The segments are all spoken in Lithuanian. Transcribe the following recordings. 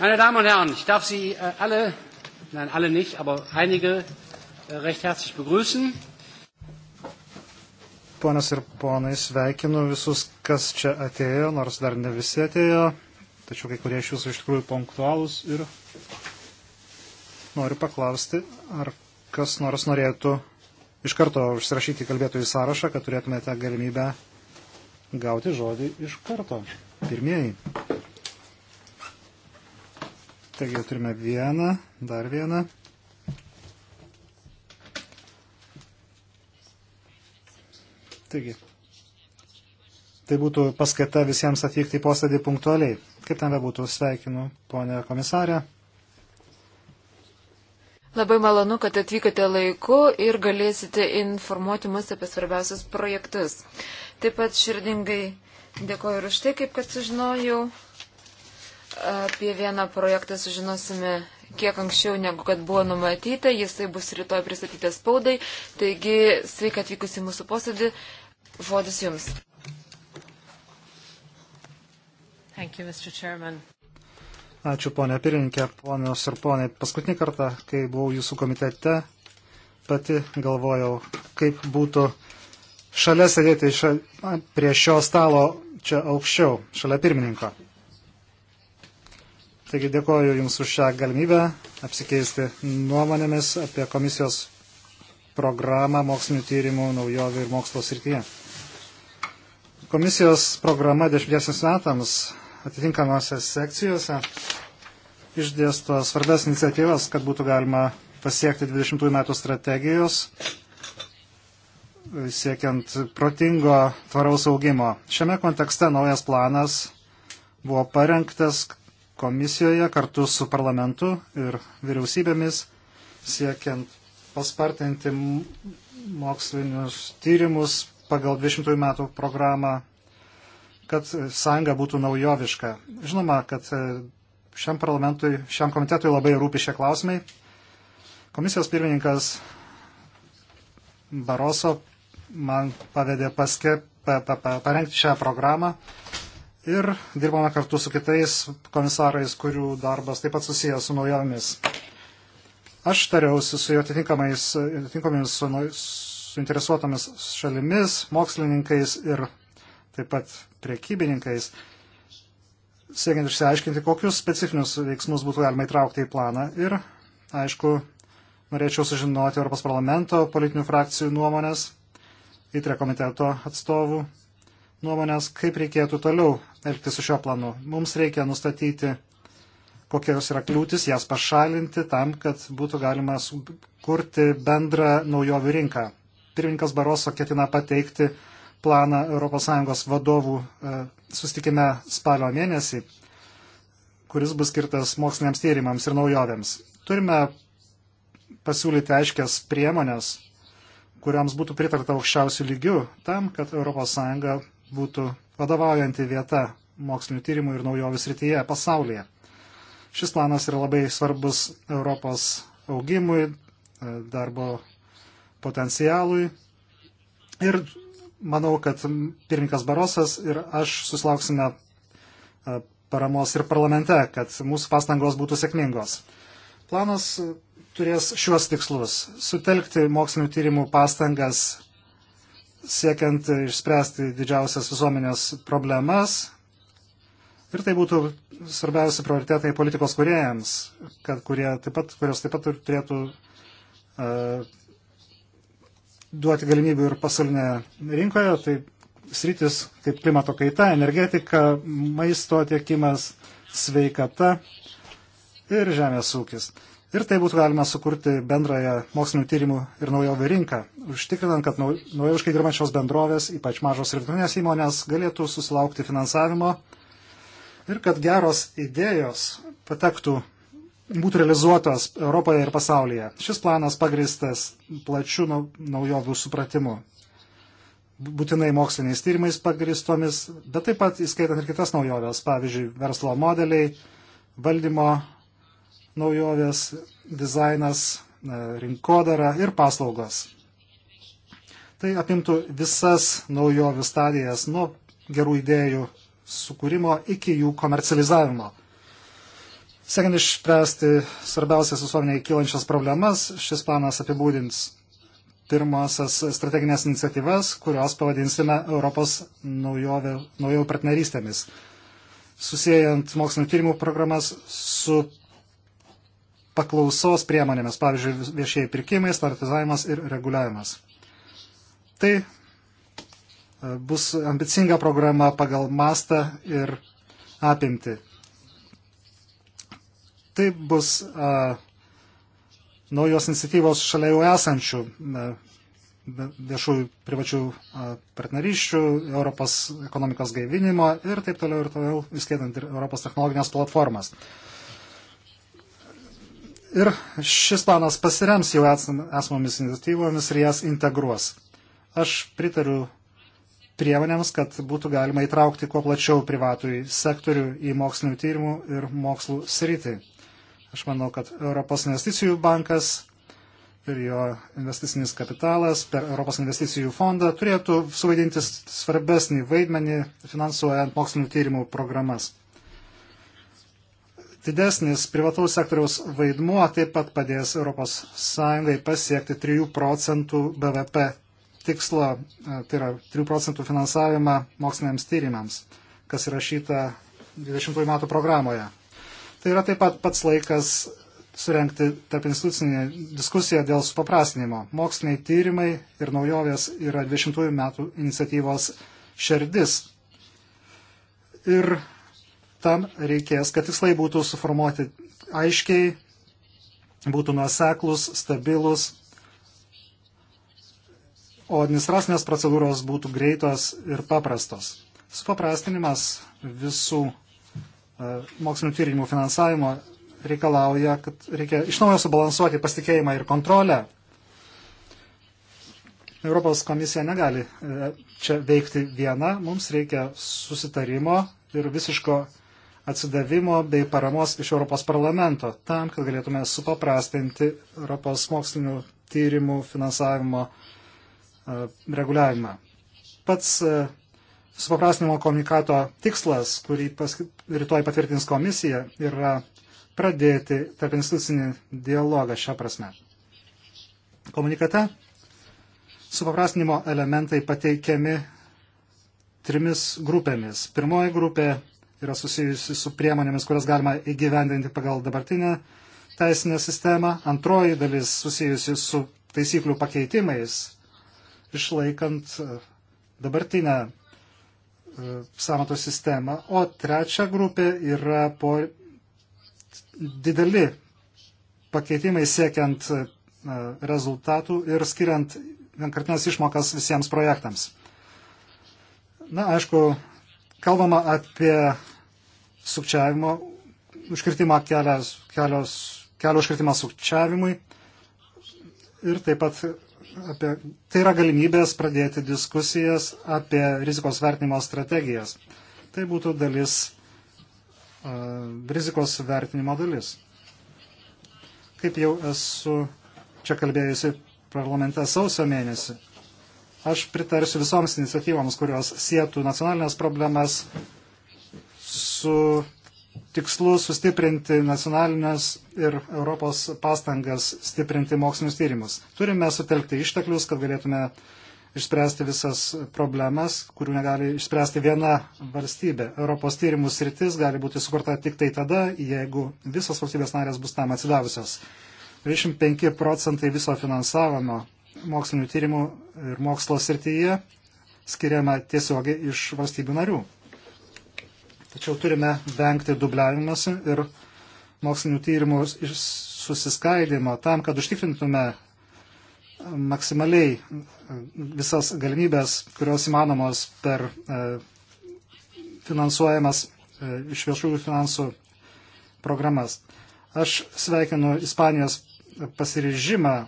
Meine Damen und Herren, ich darf Sie äh, alle, nein, alle nicht, aber einige äh, recht herzlich begrüßen. Ponas ir ponai, sveikinu visus, kas čia atėjo, nors dar ne visi atėjo, tačiau kai kurie iš jūsų iš tikrųjų punktualūs ir noriu paklausti, ar kas nors norėtų iš karto užsirašyti kalbėtojų sąrašą, kad turėtumėte galimybę gauti žodį iš karto. Pirmieji. Taigi turime vieną, dar vieną. Taigi, tai būtų paskata visiems atvykti į posėdį punktualiai. Kaip ten bebūtų, sveikinu, ponė komisarė. Labai malonu, kad atvykote laiku ir galėsite informuoti mus apie svarbiausius projektus. Taip pat širdingai dėkoju ir už tai, kaip kad sužinojau. Apie vieną projektą sužinosime kiek anksčiau, negu kad buvo numatyta. Jisai bus rytoj pristatytas spaudai. Taigi, sveika atvykusi į mūsų posėdį. Žodis Jums. Thank you, Mr. Chairman. Ačiū, ponė pirininkė, ponios ir ponai. Paskutinį kartą, kai buvau jūsų komitete, pati galvojau, kaip būtų šalia sėdėti šal... prie šio stalo čia aukščiau, šalia pirmininko. Taigi dėkoju Jums už šią galimybę apsikeisti nuomonėmis apie komisijos programą mokslinių tyrimų naujovių ir mokslo srityje. Komisijos programa dešimtiesiams metams atitinkamosios sekcijose išdėsto svarbės iniciatyvas, kad būtų galima pasiekti 20 metų strategijos siekiant protingo tvaraus augimo. Šiame kontekste naujas planas buvo parengtas, komisijoje kartu su parlamentu ir vyriausybėmis siekiant paspartinti mokslinius tyrimus pagal 20 metų programą, kad sąjunga būtų naujoviška. Žinoma, kad e, šiam parlamentui, šiam komitetui labai rūpi šie klausimai. Komisijos pirmininkas Baroso man pavedė paske, pa, pa, pa, parengti šią programą ir dirbame kartu su kitais komisarais, kurių darbas taip pat susijęs su naujomis. Aš tariausi su jo atitinkamais, atitinkamomis su, suinteresuotomis šalimis, mokslininkais ir taip pat priekybininkais, siekiant išsiaiškinti, kokius specifinius veiksmus būtų galima įtraukti į planą. Ir, aišku, norėčiau sužinoti Europos parlamento politinių frakcijų nuomonės, įtre komiteto atstovų nuomonės, kaip reikėtų toliau elgti su šiuo planu. Mums reikia nustatyti, kokios yra kliūtis, jas pašalinti tam, kad būtų galima kurti bendrą naujovių rinką. Pirmininkas Baroso ketina pateikti planą ES vadovų e, sustikime spalio mėnesį, kuris bus skirtas moksliniams tyrimams ir naujovėms. Turime pasiūlyti aiškias priemonės, kuriams būtų pritarta aukščiausių lygių, tam, kad ES būtų vadovaujanti vieta mokslinių tyrimų ir naujovių srityje pasaulyje. Šis planas yra labai svarbus Europos augimui, darbo potencialui ir manau, kad pirmininkas Barosas ir aš susilauksime e, paramos ir parlamente, kad mūsų pastangos būtų sėkmingos. Planas turės šiuos tikslus - sutelkti mokslinių tyrimų pastangas siekiant išspręsti didžiausias visuomenės problemas. Ir tai būtų svarbiausi prioritetai politikos kuriejams, kad kurie taip pat, kurios taip pat turėtų uh, duoti galimybių ir pasaulinėje rinkoje. Tai sritis kaip klimato kaita, energetika, maisto tiekimas, sveikata ir žemės ūkis. Uh, Ir tai būtų galima sukurti bendrąją mokslinių tyrimų ir naujovių rinką, užtikrinant, kad naujoviškai dirbančios bendrovės, ypač mažos ir vidutinės įmonės, galėtų susilaukti finansavimo ir kad geros idėjos patektų, būtų realizuotos Europoje ir pasaulyje. Šis planas pagristas plačių naujovių supratimu, būtinai moksliniais tyrimais pagristomis, bet taip pat įskaitant ir kitas naujoves, pavyzdžiui, verslo modeliai, valdymo naujovės, dizainas, e, rinkodara ir paslaugos. Tai apimtų visas naujovių stadijas nuo gerų idėjų sukūrimo iki jų komercializavimo. Siekiant išspręsti svarbiausias visuomeniai kylančias problemas, šis planas apibūdins pirmosias strateginės iniciatyvas, kurios pavadinsime Europos naujovių, naujojų partnerystėmis susijęjant mokslinio tyrimų programas su paklausos priemonėmis, pavyzdžiui, viešieji pirkimai, startizavimas ir reguliavimas. Tai e, bus ambicinga programa pagal mastą ir apimti. Tai bus a, e, naujos iniciatyvos šalia jau esančių a, e, viešųjų privačių a, partnerysčių, Europos ekonomikos gaivinimo ir taip toliau ir toliau, įskaitant ir Europos technologinės platformas. A, Ir šis planas pasirems jau esamomis iniciatyvomis ir jas integruos. Aš pritariu priemonėms, kad būtų galima įtraukti kuo plačiau privatųjį sektorių į mokslinių tyrimų ir mokslų sritį. Aš manau, kad Europos investicijų bankas ir jo investicinis kapitalas per Europos investicijų fondą turėtų suvaidinti svarbesnį vaidmenį finansuojant mokslinių tyrimų programas. Didesnis privataus sektoriaus vaidmuo taip pat padės ES pasiekti 3 procentų BVP tikslo, e, tai yra 3 procentų finansavimą moksliniams tyrimams, kas įrašyta 20 metų programoje. Tai yra taip pat pats laikas surenkti tarp institucinį diskusiją dėl supaprastinimo. Moksliniai tyrimai ir naujovės yra 20 metų iniciatyvos šerdis. Ir tam reikės, kad tikslai būtų suformuoti aiškiai, būtų nuoseklus, stabilus, o administracinės procedūros būtų greitos ir paprastos. Supaprastinimas visų e, mokslinio tyrimų finansavimo reikalauja, kad reikia iš naujo subalansuoti pasitikėjimą ir kontrolę. Europos komisija negali e, čia veikti viena, mums reikia susitarimo ir visiško atsidavimo bei paramos iš Europos parlamento, tam, kad galėtume supaprastinti Europos mokslinių tyrimų finansavimo e, reguliavimą. Pats e, supaprastinimo komunikato tikslas, kurį pas, rytoj patvirtins komisija, yra pradėti tarp institucinį dialogą šią prasme. Komunikate supaprastinimo elementai pateikiami trimis grupėmis. Pirmoji grupė yra susijusi su priemonėmis, kurias galima įgyvendinti pagal dabartinę teisinę sistemą. Antroji dalis susijusi su taisyklių pakeitimais, išlaikant e, dabartinę e, samato sistemą. O trečia grupė yra po dideli pakeitimai siekiant e, rezultatų ir skiriant vienkartinės išmokas visiems projektams. Na, aišku, kalbama apie sukčiavimo, užkirtimą kelias, kelios, kelio užkirtimą sukčiavimui ir taip pat apie, tai yra galimybės pradėti diskusijas apie rizikos vertinimo strategijas. Tai būtų dalis, uh, rizikos vertinimo dalis. Kaip jau esu čia kalbėjusi parlamente sausio mėnesį, aš pritarsiu visoms iniciatyvoms, kurios sėtų nacionalinės problemas su tikslu sustiprinti nacionalinės ir Europos pastangas stiprinti mokslinius tyrimus. Turime sutelkti išteklius, kad galėtume išspręsti visas problemas, kurių negali išspręsti viena valstybė. Europos tyrimų sritis gali būti sukurta tik tai tada, jeigu visos valstybės narės bus tam atsidavusios. 25 procentai viso finansavimo mokslinių tyrimų ir mokslo srityje skiriama tiesiogiai iš valstybių narių. Tačiau turime vengti dubliavimas ir mokslinių tyrimų susiskaidimo tam, kad užtikrintume maksimaliai visas galimybės, kurios įmanomos per e, finansuojamas e, iš viešųjų finansų programas. Aš sveikinu Ispanijos pasiryžimą e,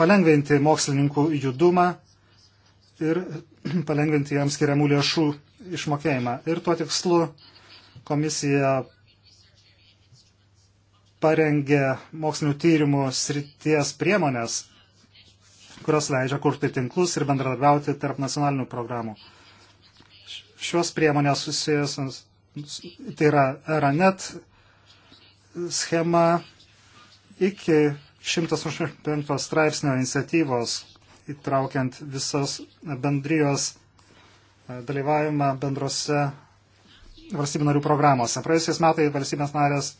palengventi mokslininkų judumą ir palengvinti jam skiriamų lėšų išmokėjimą. Ir tuo tikslu komisija parengė mokslinių tyrimų srities priemonės, kurios leidžia kurti tinklus ir bendradarbiauti tarp nacionalinių programų. Šios priemonės susijęs, tai yra ERANET schema iki 185 straipsnio iniciatyvos, įtraukiant visas bendrijos e, dalyvavimą bendrose valstybių narių programuose. Praėjusiais metais valstybės narės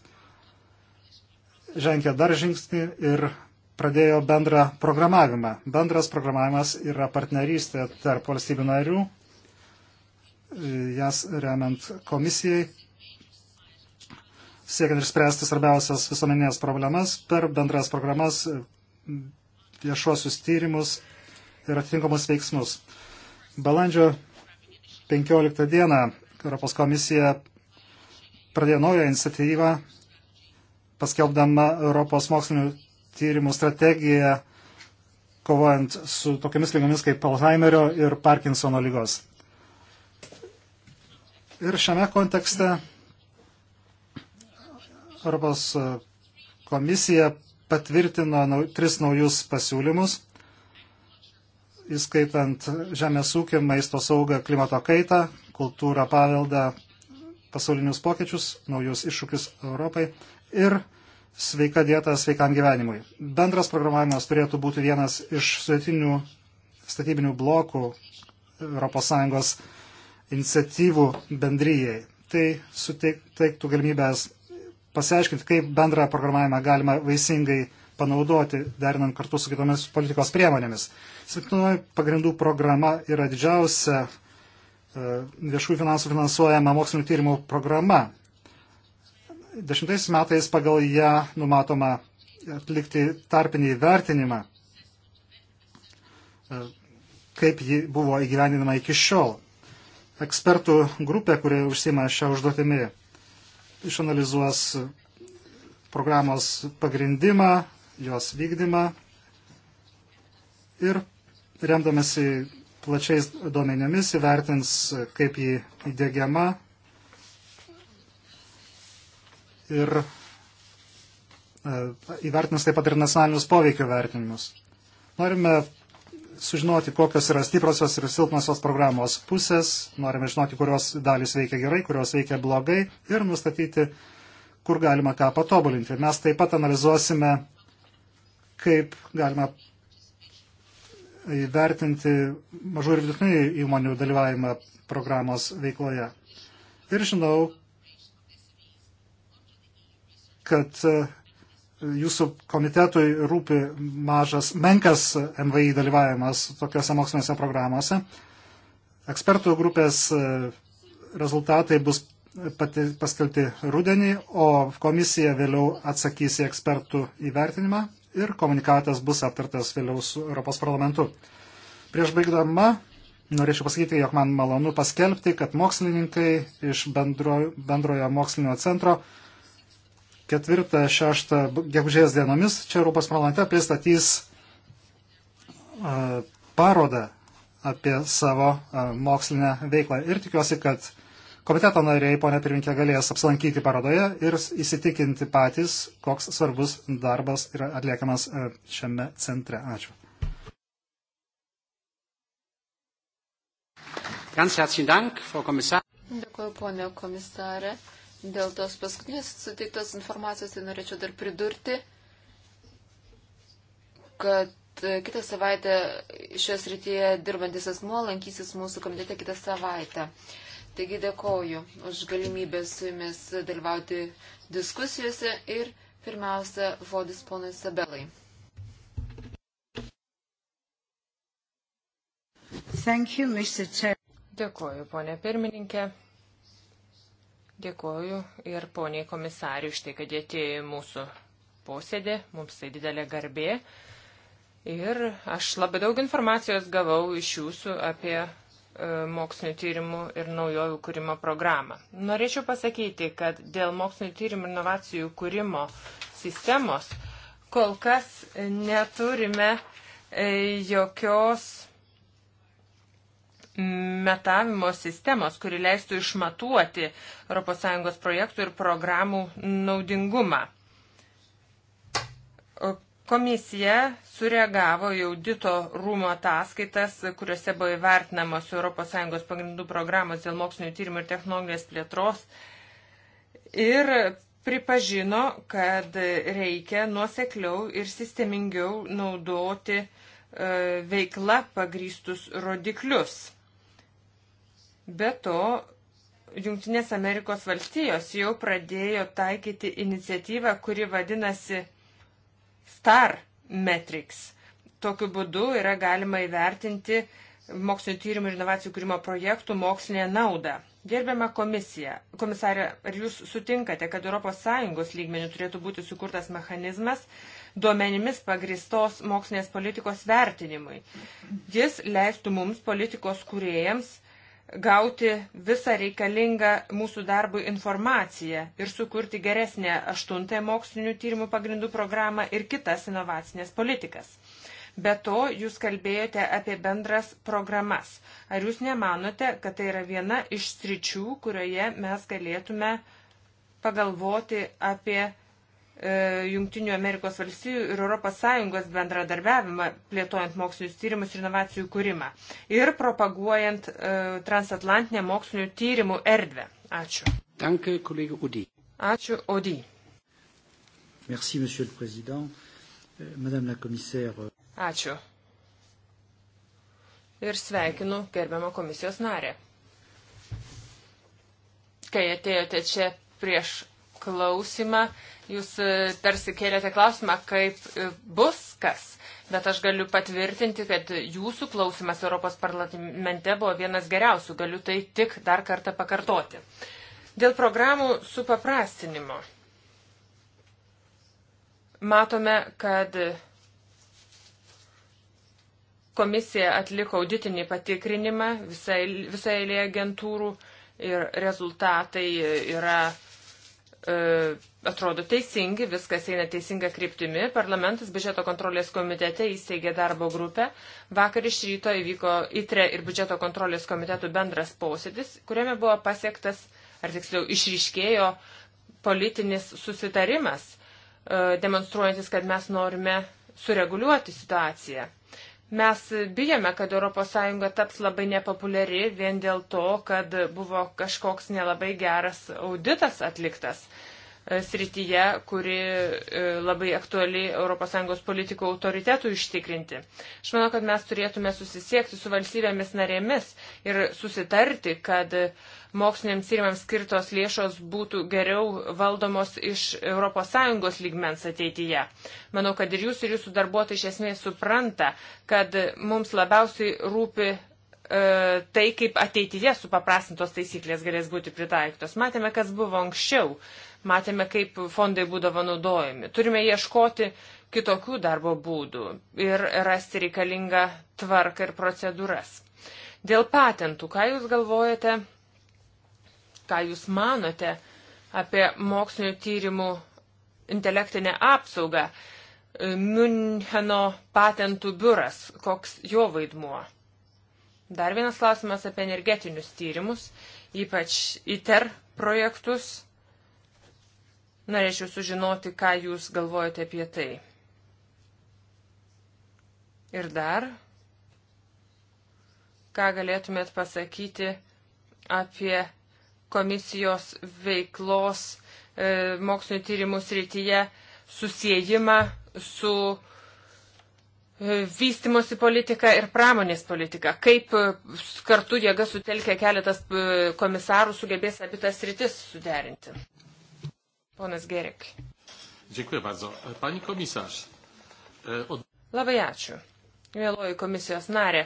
žengė dar žingsnį ir pradėjo bendrą programavimą. Bendras programavimas yra partnerystė tarp valstybių narių, e, jas remiant komisijai, siekiant išspręsti svarbiausias visuomenės problemas per bendras programas, viešuosius tyrimus ir atitinkamus veiksmus. Balandžio 15 dieną Europos komisija pradėjo naują iniciatyvą, paskelbdama Europos mokslinių tyrimų strategiją kovojant su tokiamis lygomis kaip Alzheimerio ir Parkinsono lygos. Ir šiame kontekste Europos komisija patvirtino tris naujus pasiūlymus įskaitant žemės ūkį, maisto saugą, klimato kaitą, kultūrą, paveldą, pasaulinius pokyčius, naujus iššūkius Europai ir sveika dieta sveikam gyvenimui. Bendras programavimas turėtų būti vienas iš sudėtinių statybinių blokų ES iniciatyvų bendryjei. Tai suteiktų galimybės pasiaiškinti, kaip bendrą programavimą galima vaisingai panaudoti, derinant kartu su kitomis politikos priemonėmis. Septynoji pagrindų programa yra didžiausia e, viešųjų finansų finansuojama mokslinio tyrimų programa. Dešimtais metais pagal ją numatoma atlikti tarpinį vertinimą, e, kaip ji buvo įgyvendinama iki šiol. Ekspertų grupė, kurie užsima šią užduotimį, išanalizuos programos pagrindimą, jos vykdymą ir remdamasi plačiais duomenėmis įvertins, kaip jį įdėgiama ir e, įvertins taip pat ir nacionalinius poveikio vertinimus. Norime sužinoti, kokios yra stiprosios ir silpnosios programos pusės, norime žinoti, kurios dalys veikia gerai, kurios veikia blogai ir nustatyti, kur galima ką patobulinti. Mes taip pat analizuosime kaip galima įvertinti mažų ir vidutinių įmonių dalyvavimą programos veikloje. Ir žinau, kad e, jūsų komitetui rūpi mažas, menkas MVI dalyvavimas tokiuose mokslinėse programuose. Ekspertų grupės e, rezultatai bus pati, paskelbti rudenį, o komisija vėliau atsakys į ekspertų įvertinimą ir komunikatas bus aptartas vėliau su Europos parlamentu. Prieš baigdama, norėčiau pasakyti, jog man malonu paskelbti, kad mokslininkai iš bendro, bendrojo mokslinio centro 4-6 gegužės dienomis čia Europos parlamente pristatys uh, parodą apie savo uh, mokslinę veiklą. Ir tikiuosi, kad uh, Komiteto nariai, ponė pirminkė, galės apsilankyti parodoje ir įsitikinti patys, koks svarbus darbas yra atliekamas e, šiame centre. Ačiū. Ganz herzlichen Dank, Frau Kommissar. Dėkuoju, ponė komisarė. Dėl tos paskutinės suteiktos informacijos tai norėčiau dar pridurti, kad e, kitą savaitę šios rytyje dirbantis asmuo lankysis mūsų komitete kitą savaitę. Uh, Taigi dėkoju už galimybę su jumis dalyvauti diskusijose ir pirmiausia, žodis ponui Sabelai. Thank you, Mr. Chair. Dėkoju, ponė pirmininkė. Dėkoju ir poniai komisariui už tai, kad atėjo į mūsų posėdį. Mums tai didelė garbė. Ir aš labai daug informacijos gavau iš jūsų apie E, mokslinio tyrimų ir naujovių kūrimo programą. Norėčiau pasakyti, kad dėl mokslinio tyrimų ir inovacijų kūrimo sistemos kol kas neturime e, jokios metavimo sistemos, kuri leistų išmatuoti ES projektų ir programų naudingumą Komisija sureagavo į audito rūmo ataskaitas, kuriuose buvo įvertinamos ES pagrindų programos dėl mokslinio tyrimų ir technologijos plėtros ir pripažino, kad reikia nuosekliau ir sistemingiau naudoti e, veikla pagrystus rodiklius. Be to, Junktinės Amerikos valstijos jau pradėjo taikyti iniciatyvą, kuri vadinasi STAR Metrics. Tokiu būdu yra galima įvertinti mokslinio tyrimų ir inovacijų kūrimo projektų mokslinę naudą. Gerbiama komisija, komisarė, ar jūs sutinkate, kad ES lygmenių turėtų būti sukurtas mechanizmas duomenimis pagristos mokslinės politikos vertinimui? Jis leistų mums politikos kūrėjams gauti visą reikalingą mūsų darbui informaciją ir sukurti geresnę aštuntąją mokslinių tyrimų pagrindų programą ir kitas inovacinės politikas. Be to, jūs kalbėjote apie bendras programas. Ar jūs nemanote, kad tai yra viena iš sričių, kurioje mes galėtume pagalvoti apie E, Junktinių Amerikos valstybių ir ES bendradarbiavimą plėtojant mokslinius tyrimus ir inovacijų kūrimą ir propaguojant e, transatlantinę mokslinių tyrimų erdvę. Ačiū. Danke, kolega Odi. Ačiū, Odi. Merci, monsieur le président. Euh, Madame la commissaire. Euh, Ačiū. Ir sveikinu gerbiamą komisijos narę. Kai atėjote čia prieš klausimą jūs e, tarsi kėlėte klausimą, kaip e, bus kas. Bet aš galiu patvirtinti, kad jūsų klausimas Europos parlamente buvo vienas geriausių. Galiu tai tik dar kartą pakartoti. Dėl programų supaprastinimo. Matome, kad komisija atliko auditinį patikrinimą visai, visai eilėje agentūrų ir rezultatai yra E, atrodo teisingi, viskas eina teisinga kryptimi. Parlamentas biudžeto kontrolės komitete įsteigė darbo grupę. Vakar iš ryto įvyko ITRE ir biudžeto kontrolės komitetų bendras posėdis, kuriame buvo pasiektas, ar tiksliau išryškėjo politinis susitarimas, e, demonstruojantis, kad mes norime sureguliuoti situaciją. Mes bijome, kad ES taps labai nepopuliari vien dėl to, kad buvo kažkoks nelabai geras auditas atliktas srityje, kuri e, labai aktuali ES politikų autoritetų ištikrinti. Aš manau, kad mes turėtume susisiekti su valstybėmis narėmis ir susitarti, kad moksliniams tyrimams skirtos lėšos būtų geriau valdomos iš ES lygmens ateityje. Manau, kad ir jūs, ir jūsų darbuotojai iš esmės supranta, kad mums labiausiai rūpi e, tai, kaip ateityje supaprastintos taisyklės galės būti pritaikytos. Matėme, kas buvo anksčiau Matėme, kaip fondai būdavo naudojami. Turime ieškoti kitokių darbo būdų ir rasti reikalingą tvarką ir procedūras. Dėl patentų, ką Jūs galvojate, ką Jūs manote apie mokslinio tyrimų intelektinę apsaugą? Müncheno patentų biuras, koks jo vaidmuo? Dar vienas klausimas apie energetinius tyrimus, ypač ITER projektus. Norėčiau sužinoti, ką jūs galvojate apie tai. Ir dar, ką galėtumėt pasakyti apie komisijos veiklos e, mokslinio tyrimų srityje susijimą su e, vystimosi politika ir pramonės politika. Kaip e, kartu jėga sutelkia keletas e, komisarų sugebės abitas rytis suderinti. Ponas Gerek. Dziękuję bardzo. Pani komisarz. E, od... Labai ačiū. Vėloji komisijos narė,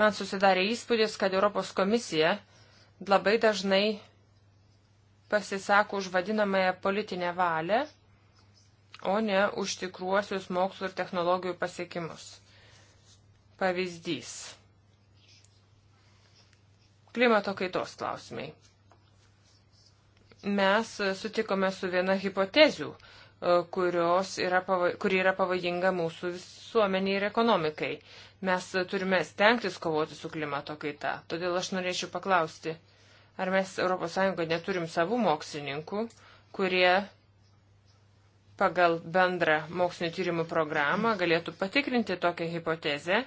man susidarė įspūdis, kad Europos komisija labai dažnai pasisako už vadinamąją politinę valią, o ne už tikruosius mokslo ir technologijų pasiekimus. Pavyzdys. Klimato kaitos klausimai mes sutikome su viena hipotezių, e, yra pava, kuri yra pavojinga mūsų visuomeniai ir ekonomikai. Mes turime stengtis kovoti su klimato kaita. Todėl aš norėčiau paklausti, ar mes ES neturim savų mokslininkų, kurie pagal bendrą mokslinio tyrimų programą galėtų patikrinti tokią hipotezę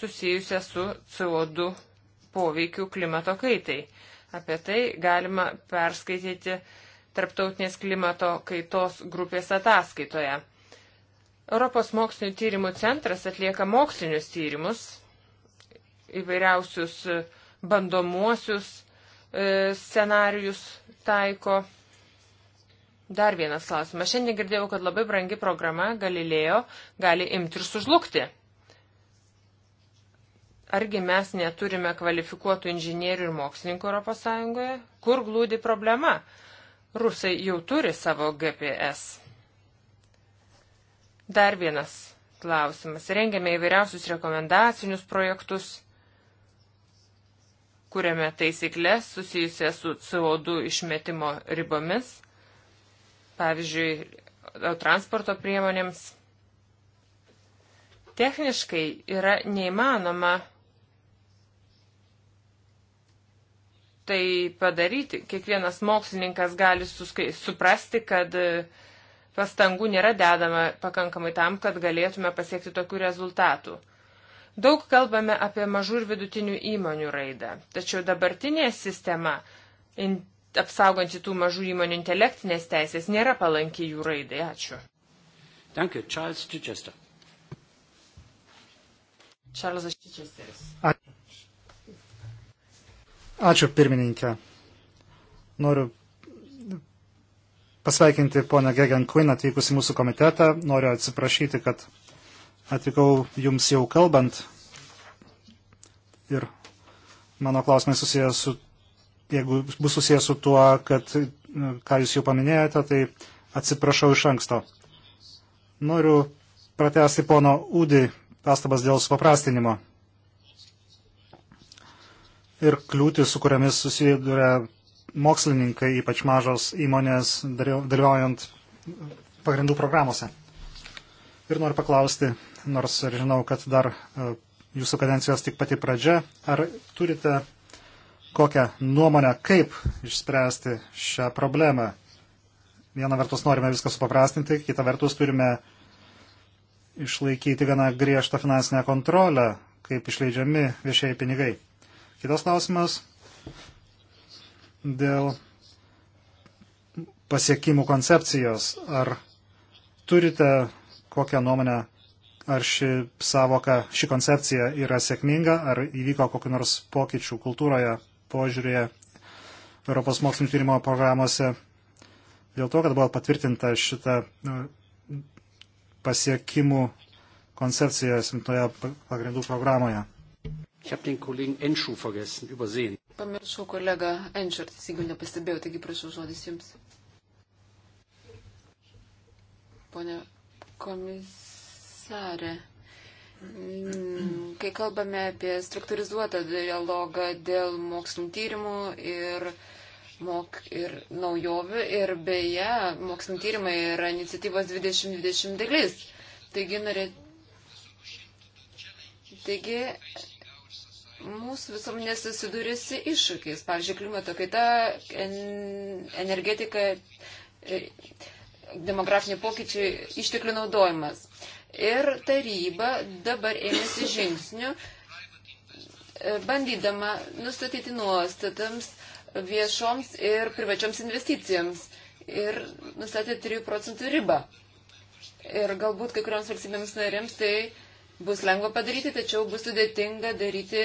susijusią su CO2 poveikiu klimato kaitai Apie tai galima perskaityti Tarptautinės klimato kaitos grupės ataskaitoje. Europos mokslinio tyrimų centras atlieka mokslinius tyrimus, įvairiausius e, bandomuosius e, scenarius taiko. Dar vienas klausimas. Šiandien girdėjau, kad labai brangi programa Galilėjo gali imti ir sužlugti. Argi mes neturime kvalifikuotų inžinierių ir mokslininkų ES? Kur glūdi problema? Rusai jau turi savo GPS. Dar vienas klausimas. Rengiame įvairiausius rekomendacinius projektus, kuriame taisyklės susijusias su CO2 išmetimo ribomis, pavyzdžiui, transporto priemonėms. Techniškai yra neįmanoma tai padaryti. Kiekvienas mokslininkas gali suskai, suprasti, kad e, pastangų nėra dedama pakankamai tam, kad galėtume pasiekti tokių rezultatų. Daug kalbame apie mažų ir vidutinių įmonių raidą, tačiau dabartinė sistema in, apsauganti tų mažų įmonių intelektinės teisės nėra palankiai jų raidai. Ačiū. Danke, Charles Chichester. Čarlzas Čičesteris. Ačiū pirmininkė. Noriu pasveikinti ponę Gegen Quinn atvykus į mūsų komitetą. Noriu atsiprašyti, kad atvykau jums jau kalbant. Ir mano klausimai susijęs su, jeigu bus susijęs su tuo, kad, ką jūs jau paminėjote, tai atsiprašau iš anksto. Noriu pratesti pono Ūdį pastabas dėl supaprastinimo ir kliūtis, su kuriamis susiduria mokslininkai, ypač mažos įmonės, dalyvaujant pagrindų programuose. Ir noriu paklausti, nors ir žinau, kad dar e, jūsų kadencijos tik pati pradžia, ar turite kokią nuomonę, kaip išspręsti šią problemą? Viena vertus norime viską supaprastinti, kita vertus turime išlaikyti gana griežtą finansinę kontrolę, kaip išleidžiami viešieji pinigai. Kitas klausimas dėl pasiekimų koncepcijos. Ar turite kokią nuomonę, ar ši savoka, ši koncepcija yra sėkminga, ar įvyko kokiu nors pokyčių kultūroje, požiūrėje Europos mokslinio tyrimo programuose dėl to, kad buvo patvirtinta šita nu, pasiekimų koncepcija simtoje pagrindų programoje. Ich habe den Kollegen Enschu vergessen, übersehen. Pamiršau kolegą Enčių, ar teisingai nepastebėjau, taigi prašau žodis jums. Pone komisarė, mm, kai kalbame apie struktūrizuotą dialogą dėl mokslinių tyrimų ir, mok, ir naujovių, ir beje, mokslinių tyrimai yra iniciatyvos 2020 dalis. Taigi, norėt... taigi mūsų visuomenė susiduria su iššūkiais, pavyzdžiui, klimato kaita, energetika, e, demografiniai pokyčiai, išteklių naudojimas. Ir taryba dabar ėmėsi žingsnių, e, bandydama nustatyti nuostatams viešoms ir privačioms investicijoms ir nustatė 3 procentų ribą. Ir galbūt kai kurioms valstybėms narėms tai bus lengva padaryti, tačiau bus sudėtinga daryti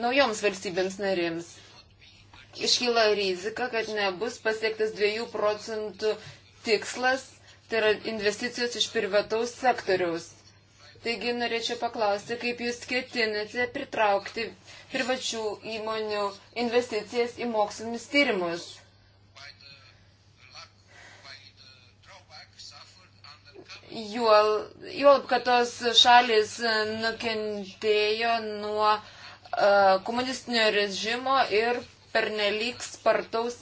naujoms valstybėms narėms. Iškyla rizika, kad nebus pasiektas 2 procentų tikslas, tai yra investicijos iš privataus sektoriaus. Taigi norėčiau paklausti, kaip jūs ketinate pritraukti privačių įmonių investicijas į mokslinius tyrimus. Juolab, juol, kad tos šalis nukentėjo nuo E, komunistinio režimo ir pernelyg spartaus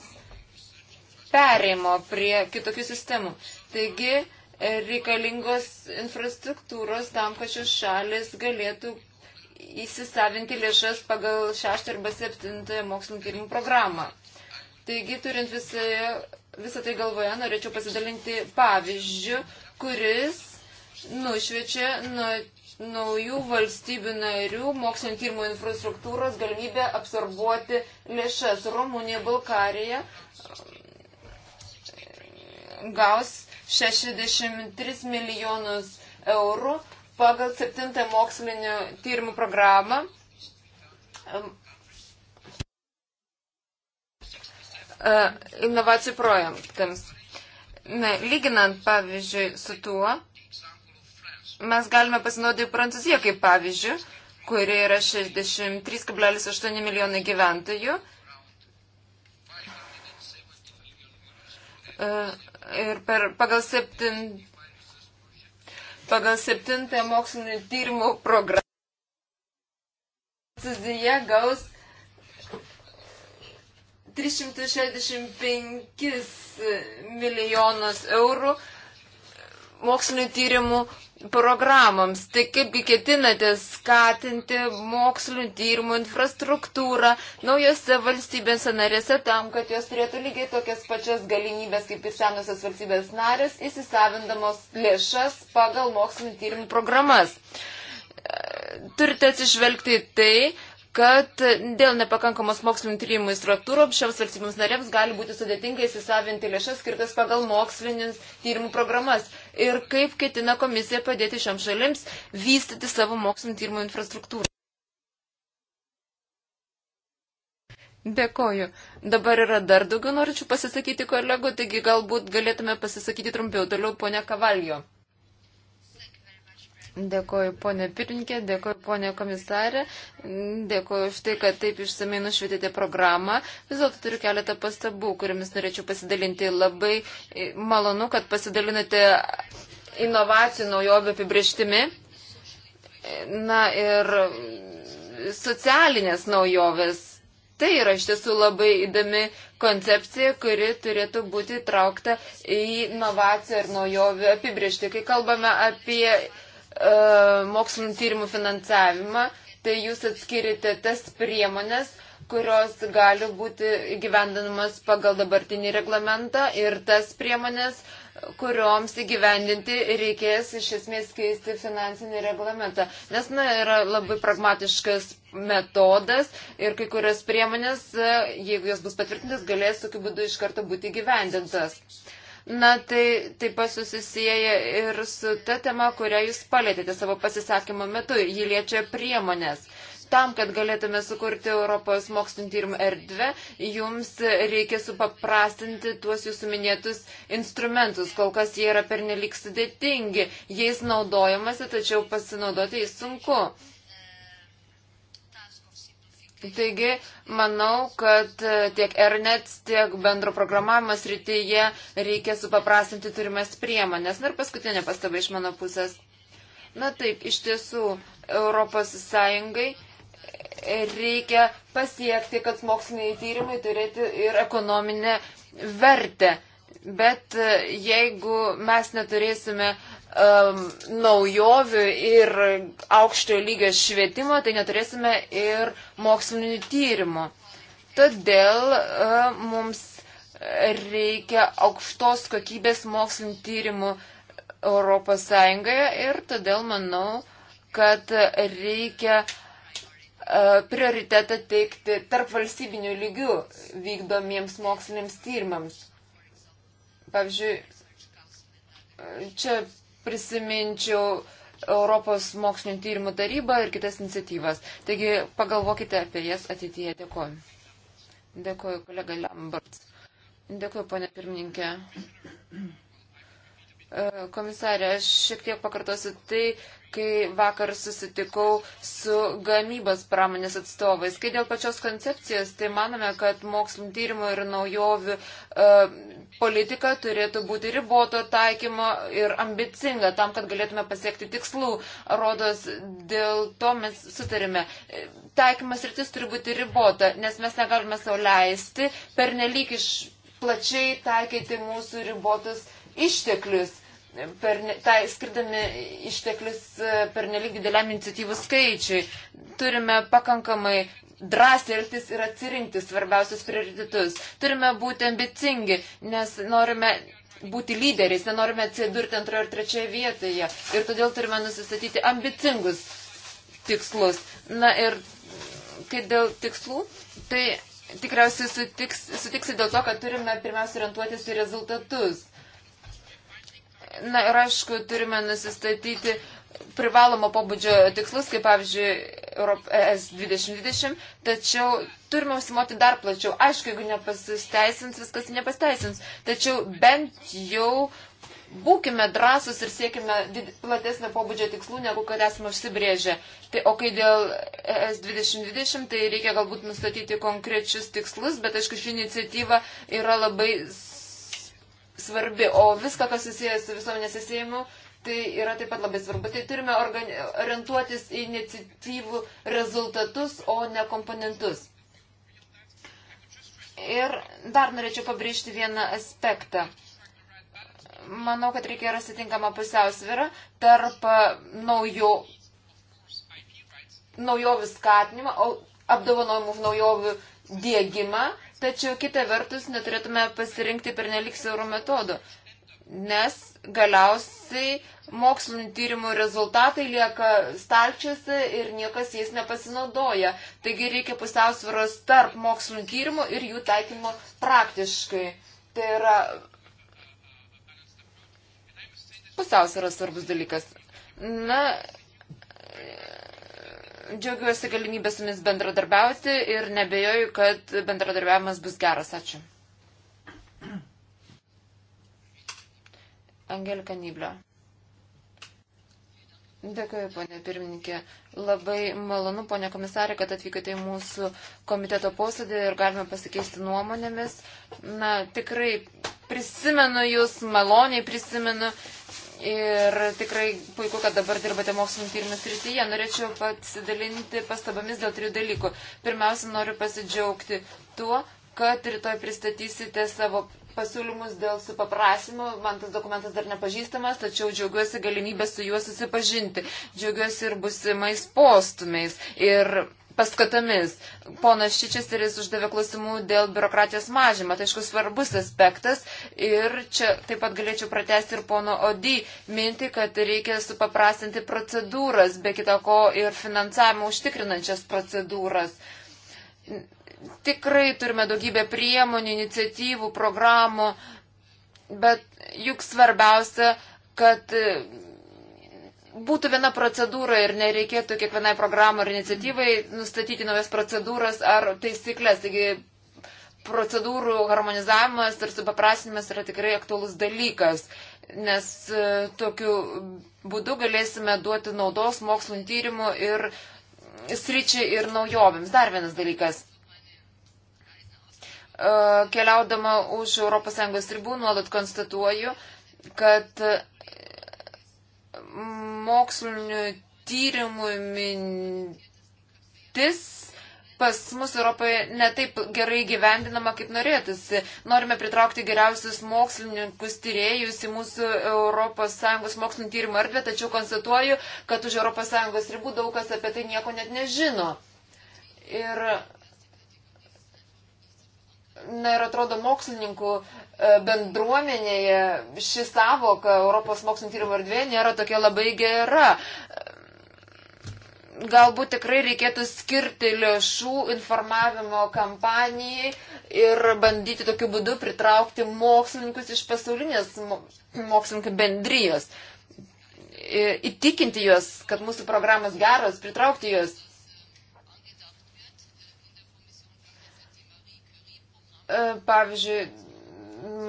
perėjimo prie kitokių sistemų. Taigi e, reikalingos infrastruktūros tam, kad šios šalis galėtų įsisavinti lėšas pagal šeštą arba septintąją mokslinio tyrimų programą. Taigi, turint visą, visą tai galvoje, norėčiau pasidalinti pavyzdžių, kuris nušviečia nuo naujų valstybių narių mokslinio tyrimo infrastruktūros galimybę absorbuoti lėšas. Rumunija, Bulgarija um, gaus 63 milijonus eurų pagal 7 mokslinio tyrimų programą. Um, e, inovacijų projektams. Na, lyginant, pavyzdžiui, su tuo, mes galime pasinaudoti Prancūziją kaip pavyzdžių, kuri yra 63,8 milijonai gyventojų. E, ir per, pagal, septin, pagal septintąją mokslinio tyrimų programą Prancūzija gaus 365 milijonus eurų mokslinio tyrimų programoms. Tai kaipgi ketinate skatinti mokslinio tyrimų infrastruktūrą naujose valstybėse narėse tam, kad jos turėtų lygiai tokias pačias galimybės kaip ir senosios valstybės narės, įsisavindamos lėšas pagal mokslinio tyrimų programas. Turite atsižvelgti tai, kad dėl nepakankamos mokslinio tyrimų struktūros šioms valstybėms narėms gali būti sudėtinga įsisavinti lėšas skirtas pagal mokslinis tyrimų programas. Ir kaip ketina komisija padėti šioms šalims vystyti savo mokslinio tyrimų infrastruktūrą. Dėkoju. Dabar yra dar daugiau norinčių pasisakyti kolegų, taigi galbūt galėtume pasisakyti trumpiau. Toliau ponia Kavaljo. Dėkoju ponė Pirinkė, dėkoju ponė komisarė, dėkoju už tai, kad taip išsamei nušvietėte programą. Vis dėlto turiu keletą pastabų, kuriamis norėčiau pasidalinti. Labai e, malonu, kad pasidalinote inovacijų naujovių apibrieštimi. E, na ir socialinės naujovės. Tai yra iš tiesų labai įdomi koncepcija, kuri turėtų būti traukta į inovaciją ir naujovių apibriežti. Kai kalbame apie E, mokslinų tyrimų finansavimą, tai jūs atskirite tas priemonės, kurios gali būti gyvendinamas pagal dabartinį reglamentą ir tas priemonės, kurioms įgyvendinti reikės iš esmės keisti finansinį reglamentą. Nes, na, yra labai pragmatiškas metodas ir kai kurias priemonės, e, jeigu jos bus patvirtintas, galės tokiu būdu iš karto būti įgyvendintas. Uh, Na, tai taip pat susisieja ir su ta tema, kurią jūs palėtėte savo pasisakymo metu. Ji liečia priemonės. Tam, kad galėtume sukurti Europos mokslinio tyrimų erdvę, jums reikia supaprastinti tuos jūsų minėtus instrumentus. Kol kas jie yra pernelik sudėtingi. Jais naudojamasi, tačiau pasinaudoti jais sunku. Taigi, manau, kad e, tiek Ernets, tiek bendro programavimo srityje reikia supaprastinti turimas priemonės. Na ir paskutinė pastaba iš mano pusės. Na taip, iš tiesų, Europos Sąjungai e, reikia pasiekti, kad moksliniai tyrimai turėtų ir ekonominę vertę. Bet e, jeigu mes neturėsime um, naujovių ir aukštojo lygio švietimo, tai neturėsime ir mokslinių tyrimų. Todėl uh, mums reikia aukštos kokybės mokslinių tyrimų Europos Sąjungoje ir todėl manau, kad reikia uh, prioritetą teikti tarp valstybinių lygių vykdomiems moksliniams tyrimams. Pavyzdžiui, uh, čia prisiminčiau Europos mokslinio tyrimų tarybą ir kitas iniciatyvas. Taigi pagalvokite apie jas ateityje. Dėkuoju. Dėkuoju, kolega Lamberts. Dėkuoju, ponė pirmininkė. Komisarė, aš šiek tiek pakartosiu tai, kai vakar susitikau su gamybos pramonės atstovais. Kai dėl pačios koncepcijos, tai manome, kad mokslinio tyrimo ir naujovių e, politika turėtų būti riboto taikymo ir ambicinga tam, kad galėtume pasiekti tikslų. Rodos, dėl to mes sutarime. E, taikymas rytis turi būti ribota, nes mes negalime sauliaisti per nelik iš plačiai taikyti mūsų ribotus išteklius, per, tai skirdami išteklius e, per nelik dideliam iniciatyvų skaičiui. Turime pakankamai drąsiai elgtis ir atsirinkti svarbiausius prioritetus. Turime būti ambicingi, nes norime būti lyderiais, nenorime atsidurti antroje ar trečioje vietoje. Ir todėl turime nusistatyti ambicingus tikslus. Na ir kai dėl tikslų, tai tikriausiai sutiks, sutiksi dėl to, kad turime pirmiausia orientuotis į rezultatus. Na ir aišku, turime nusistatyti privalomo pobūdžio tikslus, kaip pavyzdžiui, ES 2020, tačiau turime užsimoti dar plačiau. Aišku, jeigu nepasisteisins, viskas nepasteisins, tačiau bent jau būkime drąsus ir siekime platesnio pobūdžio tikslų, negu kad esame užsibrėžę. Tai, o kai dėl ES 2020, tai reikia galbūt nustatyti konkrečius tikslus, bet aišku, ši iniciatyva yra labai svarbi, o viską, kas susijęs su visuomenės įsėjimu, tai yra taip pat labai svarbu. Tai turime orientuotis į iniciatyvų rezultatus, o ne komponentus. Ir dar norėčiau pabrėžti vieną aspektą. Manau, kad reikia rasti tinkamą pusiausvyrą tarp e, naujo, naujovių skatinimą, apdovanojimų už naujovių dėgymą tačiau kitą vertus neturėtume pasirinkti pernelik siaurų metodų, nes galiausiai mokslinio tyrimų rezultatai lieka stalčiuose ir niekas jais nepasinaudoja. Taigi reikia pusiausvėros tarp mokslinio tyrimų ir jų taikymo praktiškai. Tai yra pusiausvėros svarbus dalykas. Na, džiaugiuosi galimybę su jumis bendradarbiauti ir nebejoju, kad bendradarbiavimas bus geras. Ačiū. Angelika Nyblio. Dėkuoju, ponė pirmininkė. Labai malonu, ponė komisarė, kad atvykote į mūsų komiteto posėdį ir galime pasikeisti nuomonėmis. Na, tikrai prisimenu jūs, maloniai prisimenu Ir tikrai puiku, kad dabar dirbate mokslinio tyrimų srityje. Norėčiau pasidalinti pastabomis dėl trijų dalykų. Pirmiausia, noriu pasidžiaugti tuo, kad rytoj pristatysite savo pasiūlymus dėl supaprasimo. Man tas dokumentas dar nepažįstamas, tačiau džiaugiuosi galimybę su juo susipažinti. Džiaugiuosi ir busimais postumiais. Ir paskatomis. Ponas Šičesteris uždavė klausimų dėl biurokratijos mažymą. Tai aišku svarbus aspektas. Ir čia taip pat galėčiau pratesti ir pono Odį mintį, kad reikia supaprastinti procedūras, be kita ko ir finansavimo užtikrinančias procedūras. Tikrai turime daugybę priemonių, iniciatyvų, programų, bet juk svarbiausia, kad būtų viena procedūra ir nereikėtų kiekvienai programai ar iniciatyvai nustatyti naujas procedūras ar taisyklės. Taigi procedūrų harmonizavimas ir supaprastinimas yra tikrai aktuolus dalykas, nes e, tokiu būdu galėsime duoti naudos mokslinio tyrimų ir sričiai ir naujovėms. Dar vienas dalykas. E, keliaudama už ES ribų nuolat konstatuoju, kad mokslinių tyrimų mintis pas mus Europoje netaip gerai gyvendinama, kaip norėtųsi. Norime pritraukti geriausius mokslininkus, tyriejus į mūsų ES mokslinio tyrimo erdvę, tačiau konstatuoju, kad už ES ribų daug kas apie tai nieko net nežino. Ir Na ir atrodo, mokslininkų e, bendruomenėje ši savoka Europos mokslinio tyrimo erdvė nėra tokia labai gera. Galbūt tikrai reikėtų skirti lėšų informavimo kampanijai ir bandyti tokiu būdu pritraukti mokslininkus iš pasaulinės mokslininkų bendrijos. E, įtikinti juos, kad mūsų programos geros, pritraukti juos E, pavyzdžiui,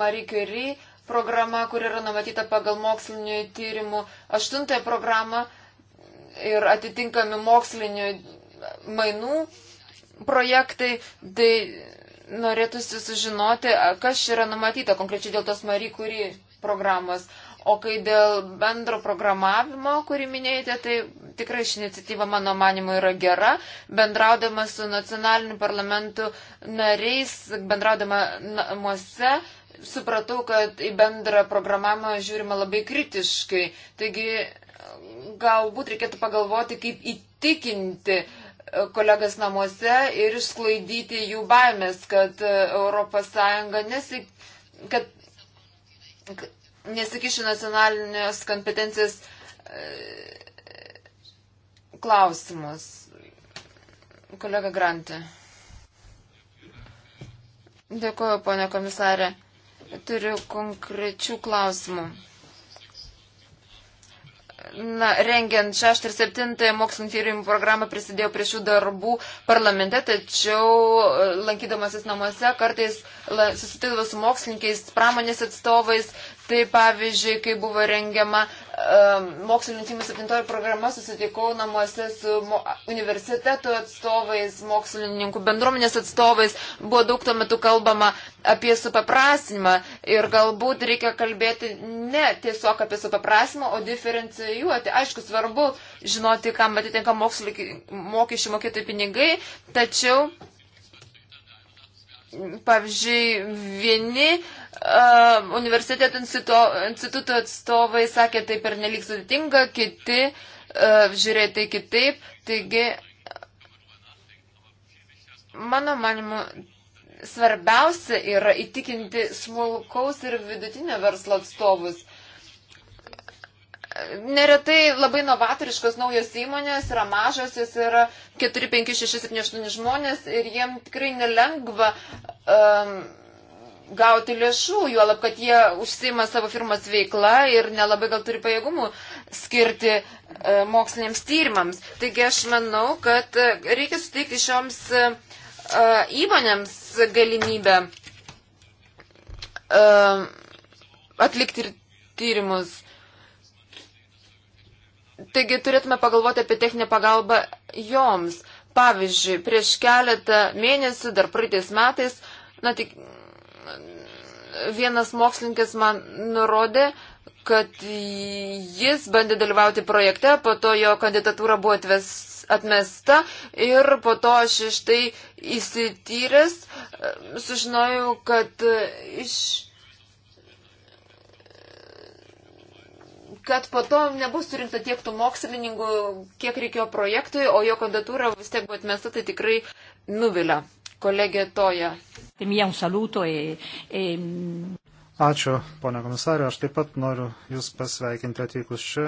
Marie Curie programa, kur yra numatyta pagal mokslinio tyrimų aštuntąją programą ir atitinkami mokslinio mainų projektai, tai norėtųsi sužinoti, kas yra numatyta konkrečiai dėl tos Marie Curie programos. O kai dėl bendro programavimo, kurį minėjote, tai tikrai ši iniciatyva, mano manimo, yra gera. Bendraudama su nacionaliniu parlamentu nariais, bendraudama namuose, supratau, kad į bendrą programavimą žiūrima labai kritiškai. Taigi galbūt reikėtų pagalvoti, kaip įtikinti e, kolegas namuose ir išsklaidyti jų baimės, kad ES nesik... kad nesikišiu nacionalinės kompetencijos e, klausimus. Kolega Grantė. Dėkuoju, ponė komisarė. Turiu konkrečių klausimų. Na, rengiant 6 ir 7 mokslinio tyrimų programą prisidėjau prie šių darbų parlamente, tačiau e, lankydamasis namuose kartais susitikdavau su mokslininkais, pramonės atstovais. Tai pavyzdžiui, kai buvo rengiama mokslinio tyrimų 7 programa susitikau namuose su universiteto atstovais, mokslininkų bendruomenės atstovais. Buvo daug tuo metu kalbama apie supaprastinimą ir galbūt reikia kalbėti ne tiesiog apie supaprastinimą, o diferencijuoti. Aišku, svarbu žinoti, kam atitinka mokesčių mokėtojų pinigai, tačiau Pavyzdžiui, vieni uh, universiteto institu, instituto atstovai sakė tai per nelik sudėtinga, kiti uh, žiūrėjo tai kitaip. Taigi, mano manimu, svarbiausia yra įtikinti smulkaus ir vidutinio verslo atstovus neretai labai novatoriškos naujos įmonės yra mažos, jos yra 4, 5, 6, 7, 8 žmonės ir jiem tikrai nelengva um, gauti lėšų, juolab, kad jie užsima savo firmas veiklą ir nelabai gal turi pajėgumų skirti e, moksliniams tyrimams. Taigi aš manau, kad e, reikia suteikti šioms e, įmonėms galimybę e, atlikti ir tyrimus. Taigi turėtume pagalvoti apie techninę pagalbą joms. Pavyzdžiui, prieš keletą mėnesių, dar praeitais metais, na tik vienas mokslininkas man nurodė, kad jis bandė dalyvauti projekte, po to jo kandidatūra buvo atves, atmesta ir po to aš iš tai įsityręs sužinojau, kad iš kad po to nebus surinkta tiek tų mokslininkų, kiek reikėjo projektui, o jo kandidatūra vis tiek buvo atmesta, tai tikrai nuvilia. Kolegė Toja. E, e, Ačiū, ponia komisarė. Aš taip pat noriu Jūs pasveikinti atvykus čia.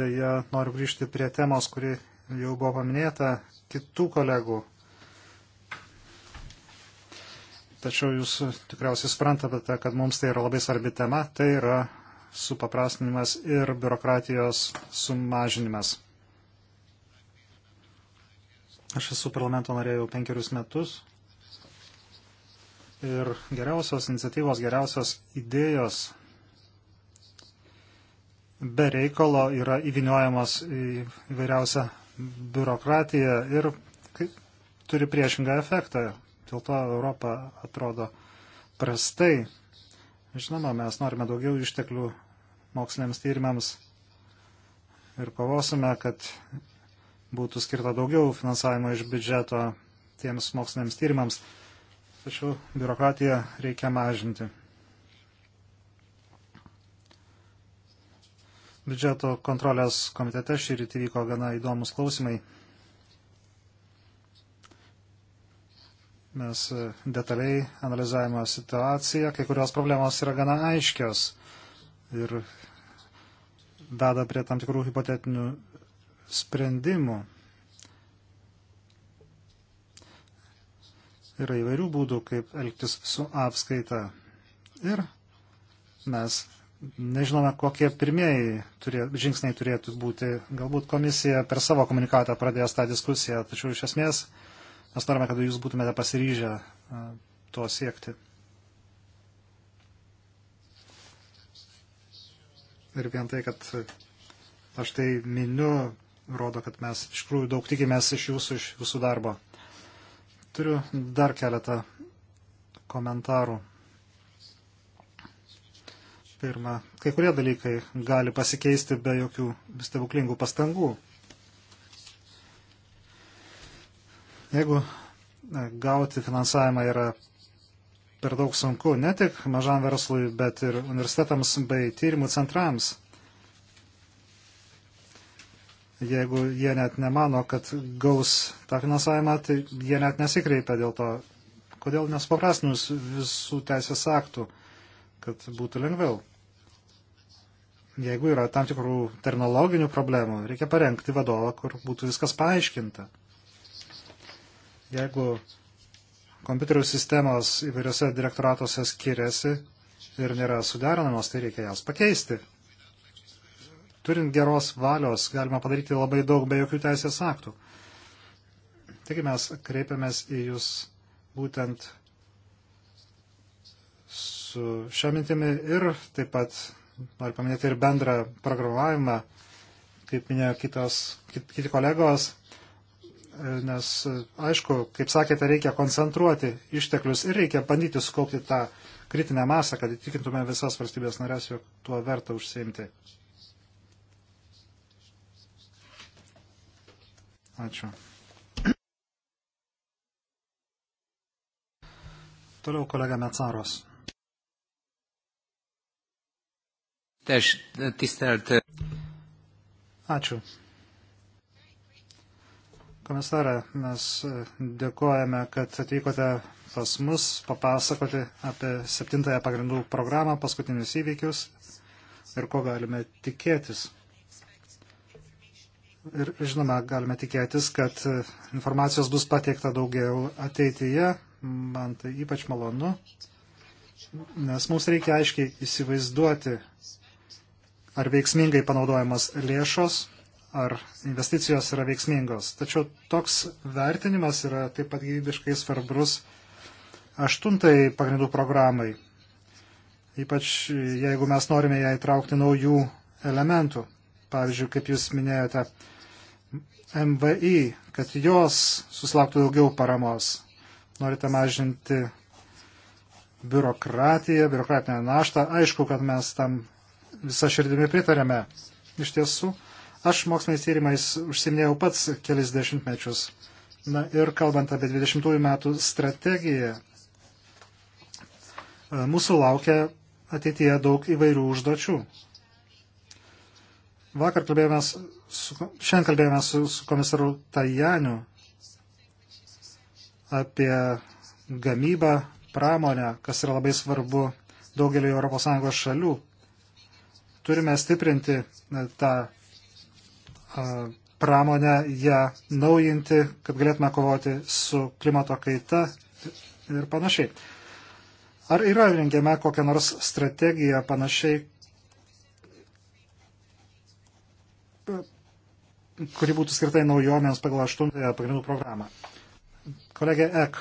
Deja, noriu grįžti prie temos, kuri jau buvo paminėta kitų kolegų. Tačiau Jūs tikriausiai suprantate, kad mums tai yra labai svarbi tema. Tai yra supaprastinimas ir biurokratijos sumažinimas. Aš esu parlamento narė jau penkerius metus ir geriausios iniciatyvos, geriausios idėjos be reikalo yra įviniojamos į vairiausią biurokratiją ir turi priešingą efektą. Dėl to Europa atrodo prastai. Žinoma, mes norime daugiau išteklių moksliniams tyrimams ir kovosime, kad būtų skirta daugiau finansavimo iš biudžeto tiems moksliniams tyrimams, tačiau biurokratiją reikia mažinti. Biudžeto kontrolės komitete šį rytį vyko gana įdomus klausimai. Mes e, detaliai analizavome situaciją, kai kurios problemos yra gana aiškios ir veda prie tam tikrų hipotetinių sprendimų. Yra įvairių būdų, kaip elgtis su apskaita. Ir mes nežinome, kokie pirmieji turė, žingsniai turėtų būti. Galbūt komisija per savo komunikatą pradės tą diskusiją, tačiau iš esmės Mes norime, kad jūs būtumėte pasiryžę to siekti. Ir vien tai, kad aš tai miniu, rodo, kad mes iš tikrųjų daug tikimės iš jūsų, iš jūsų darbo. Turiu dar keletą komentarų. Pirma, kai kurie dalykai gali pasikeisti be jokių stebuklingų pastangų. Jeigu gauti finansavimą yra per daug sunku ne tik mažam verslui, bet ir universitetams bei tyrimų centrams. Jeigu jie net nemano, kad gaus tą finansavimą, tai jie net nesikreipia dėl to. Kodėl nesupaprastinus visų teisės aktų, kad būtų lengviau? Jeigu yra tam tikrų terminologinių problemų, reikia parengti vadovą, kur būtų viskas paaiškinta. Jeigu kompiuterių sistemos įvairiose direktoratuose skiriasi ir nėra suderinamos, tai reikia jas pakeisti. Turint geros valios galima padaryti labai daug be jokių teisės aktų. Taigi mes kreipiamės į Jūs būtent su šią mintimi ir taip pat noriu paminėti ir bendrą programavimą, kaip minėjo kitos, kit, kiti kolegos, nes aišku, kaip sakėte, reikia koncentruoti išteklius ir reikia bandyti sukaupti tą kritinę masą, kad įtikintume visas valstybės narės, jog tuo verta užsiimti. Ačiū. Toliau kolega Mecaros. E, tisztelt. E, Ačiū. Komisarė, mes dėkojame, kad atvykote pas mus papasakoti apie septintąją pagrindų programą, paskutinius įvykius ir ko galime tikėtis. Ir žinoma, galime tikėtis, kad informacijos bus pateikta daugiau ateityje. Man tai ypač malonu, nes mums reikia aiškiai įsivaizduoti, ar veiksmingai panaudojamos lėšos ar investicijos yra veiksmingos. Tačiau toks vertinimas yra taip pat gyvybiškai svarbus aštuntai pagrindų programai, ypač jeigu mes norime ją įtraukti naujų elementų. Pavyzdžiui, kaip jūs minėjote, MVI, kad jos susilauktų daugiau paramos. Norite mažinti biurokratiją, biurokratinę naštą. Aišku, kad mes tam visą širdimi pritarėme. Iš tiesų, Aš moksliniais tyrimais užsiminėjau pats kelis dešimtmečius. Na ir kalbant apie 20 metų strategiją, e, mūsų laukia ateityje daug įvairių užduočių. Vakar kalbėjome su, šiandien kalbėjome su, su komisaru Tajaniu apie gamybą, pramonę, kas yra labai svarbu daugeliu ES šalių. Turime stiprinti e, tą pramonę, ją naujinti, kad galėtume kovoti su klimato kaita ir panašiai. Ar yra rengiama kokia nors strategija panašiai, kuri būtų skirtai naujomėms pagal aštuntąją pagrindų programą? Kolegė Ek,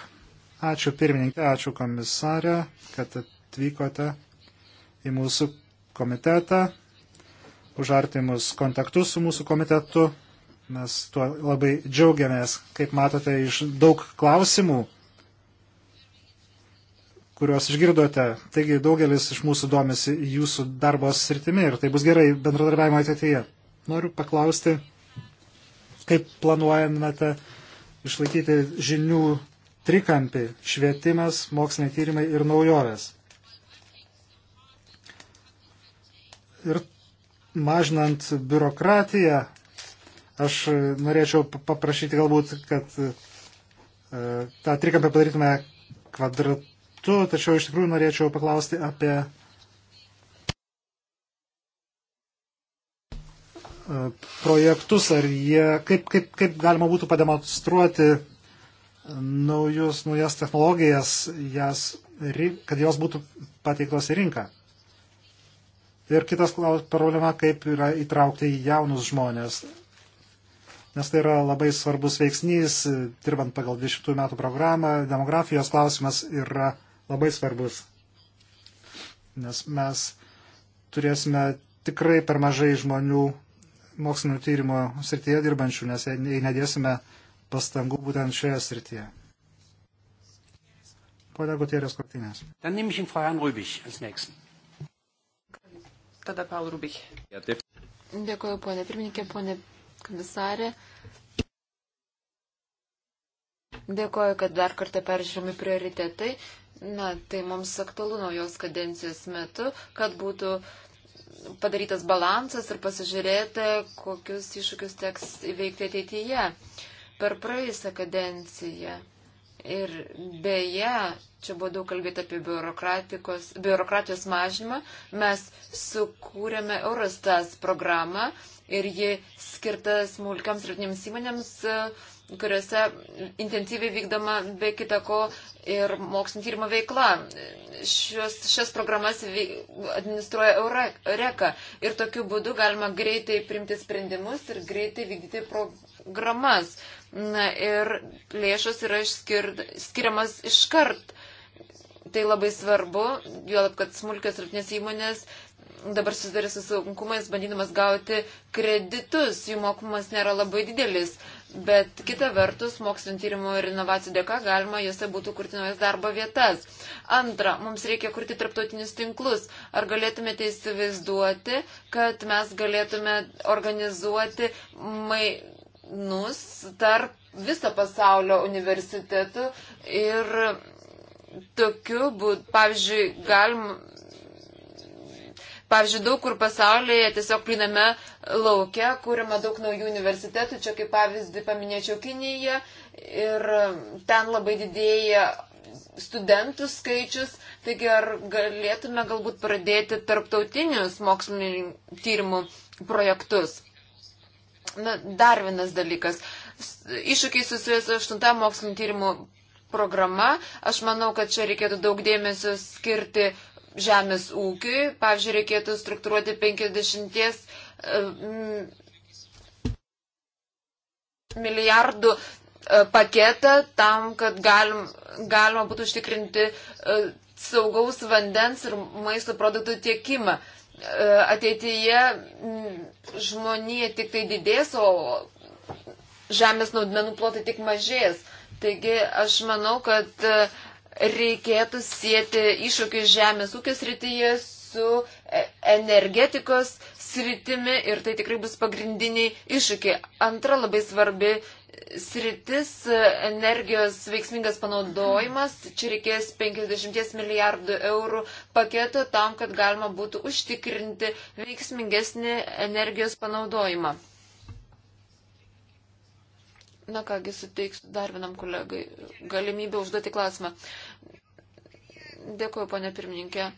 ačiū pirmininkė, ačiū komisarė, kad atvykote į mūsų komitetą už artimus kontaktus su mūsų komitetu. Mes tuo labai džiaugiamės, kaip matote, iš daug klausimų, kuriuos išgirdote. Taigi daugelis iš mūsų domisi jūsų darbo sritimi ir tai bus gerai bendradarbiavimo ateityje. Noriu paklausti, kaip planuojamate išlaikyti žinių trikampį - švietimas, moksliniai tyrimai ir naujovės. Ir mažinant biurokratiją, aš norėčiau paprašyti galbūt, kad e, tą trikampę padarytume kvadratu, tačiau iš tikrųjų norėčiau paklausti apie e, projektus, ar jie, kaip, kaip, kaip galima būtų pademonstruoti naujus, naujas technologijas, jas, kad jos būtų pateiktos į rinką. Ir kitas problema, kaip yra įtraukti jaunus žmonės. Nes tai yra labai svarbus veiksnys, dirbant pagal 20 metų programą, demografijos klausimas yra labai svarbus. Nes mes turėsime tikrai per mažai žmonių mokslinio tyrimo srityje dirbančių, nes jei nedėsime pastangų būtent šioje srityje. Pone Gutierės Kortinės. Dann nehme ich ihn Frau Herrn Rübig als nächsten tada Paul Rubik. Dėkuoju, ponė pirmininkė, ponė komisarė. Dėkuoju, kad dar kartą peržiūrėmi prioritetai. Na, tai mums aktualu naujos kadencijos metu, kad būtų padarytas balansas ir pasižiūrėti, kokius iššūkius teks įveikti ateityje. Per praeisą kadenciją Ir beje, čia buvo daug kalbėti apie biurokratijos mažymą, mes sukūrėme Eurostas programą ir ji skirta smulkiams rytinėms įmonėms, kuriuose intensyviai vykdoma be kitako ir mokslinio tyrimo veikla. Šios, šias programas administruoja Eureka ir tokiu būdu galima greitai primti sprendimus ir greitai vykdyti programas. Na, ir lėšos yra skir... skiriamas iškart. Tai labai svarbu, juolab, kad smulkios ir įmonės dabar susidarė su sunkumais, bandydamas gauti kreditus, jų mokumas nėra labai didelis, bet kita vertus, mokslinio tyrimų ir inovacijų dėka galima juose būtų kurti naujas darbo vietas. Antra, mums reikia kurti tarptautinius tinklus. Ar galėtumėte įsivaizduoti, kad mes galėtume organizuoti mai mainus tarp viso pasaulio universitetų ir tokiu būdu, pavyzdžiui, galim, pavyzdžiui, daug kur pasaulyje tiesiog pliname laukia, kuriama daug naujų universitetų, čia kaip pavyzdį paminėčiau Kiniją ir ten labai didėja studentų skaičius, taigi ar galėtume galbūt pradėti tarptautinius mokslininių tyrimų projektus. Na, dar vienas dalykas. Iššūkiai susijęs su 8 mokslinio tyrimų programa. Aš manau, kad čia reikėtų daug dėmesio skirti žemės ūkiui. Pavyzdžiui, reikėtų struktūruoti 50 e, milijardų e, paketą tam, kad galim, galima būtų užtikrinti e, saugaus vandens ir maisto produktų tiekimą ateityje mm, žmonija tik tai didės, o žemės naudmenų plotai tik mažės. Taigi aš manau, kad e, reikėtų sėti iššūkį žemės ūkės rytyje su e, energetikos sritimi ir tai tikrai bus pagrindiniai iššūkiai. Antra labai svarbi sritis energijos veiksmingas panaudojimas. Čia reikės 50 milijardų eurų paketo tam, kad galima būtų užtikrinti veiksmingesnį energijos panaudojimą. Na kągi, suteiksiu dar vienam kolegai galimybę užduoti klausimą. Dėkuoju, ponė pirmininkė,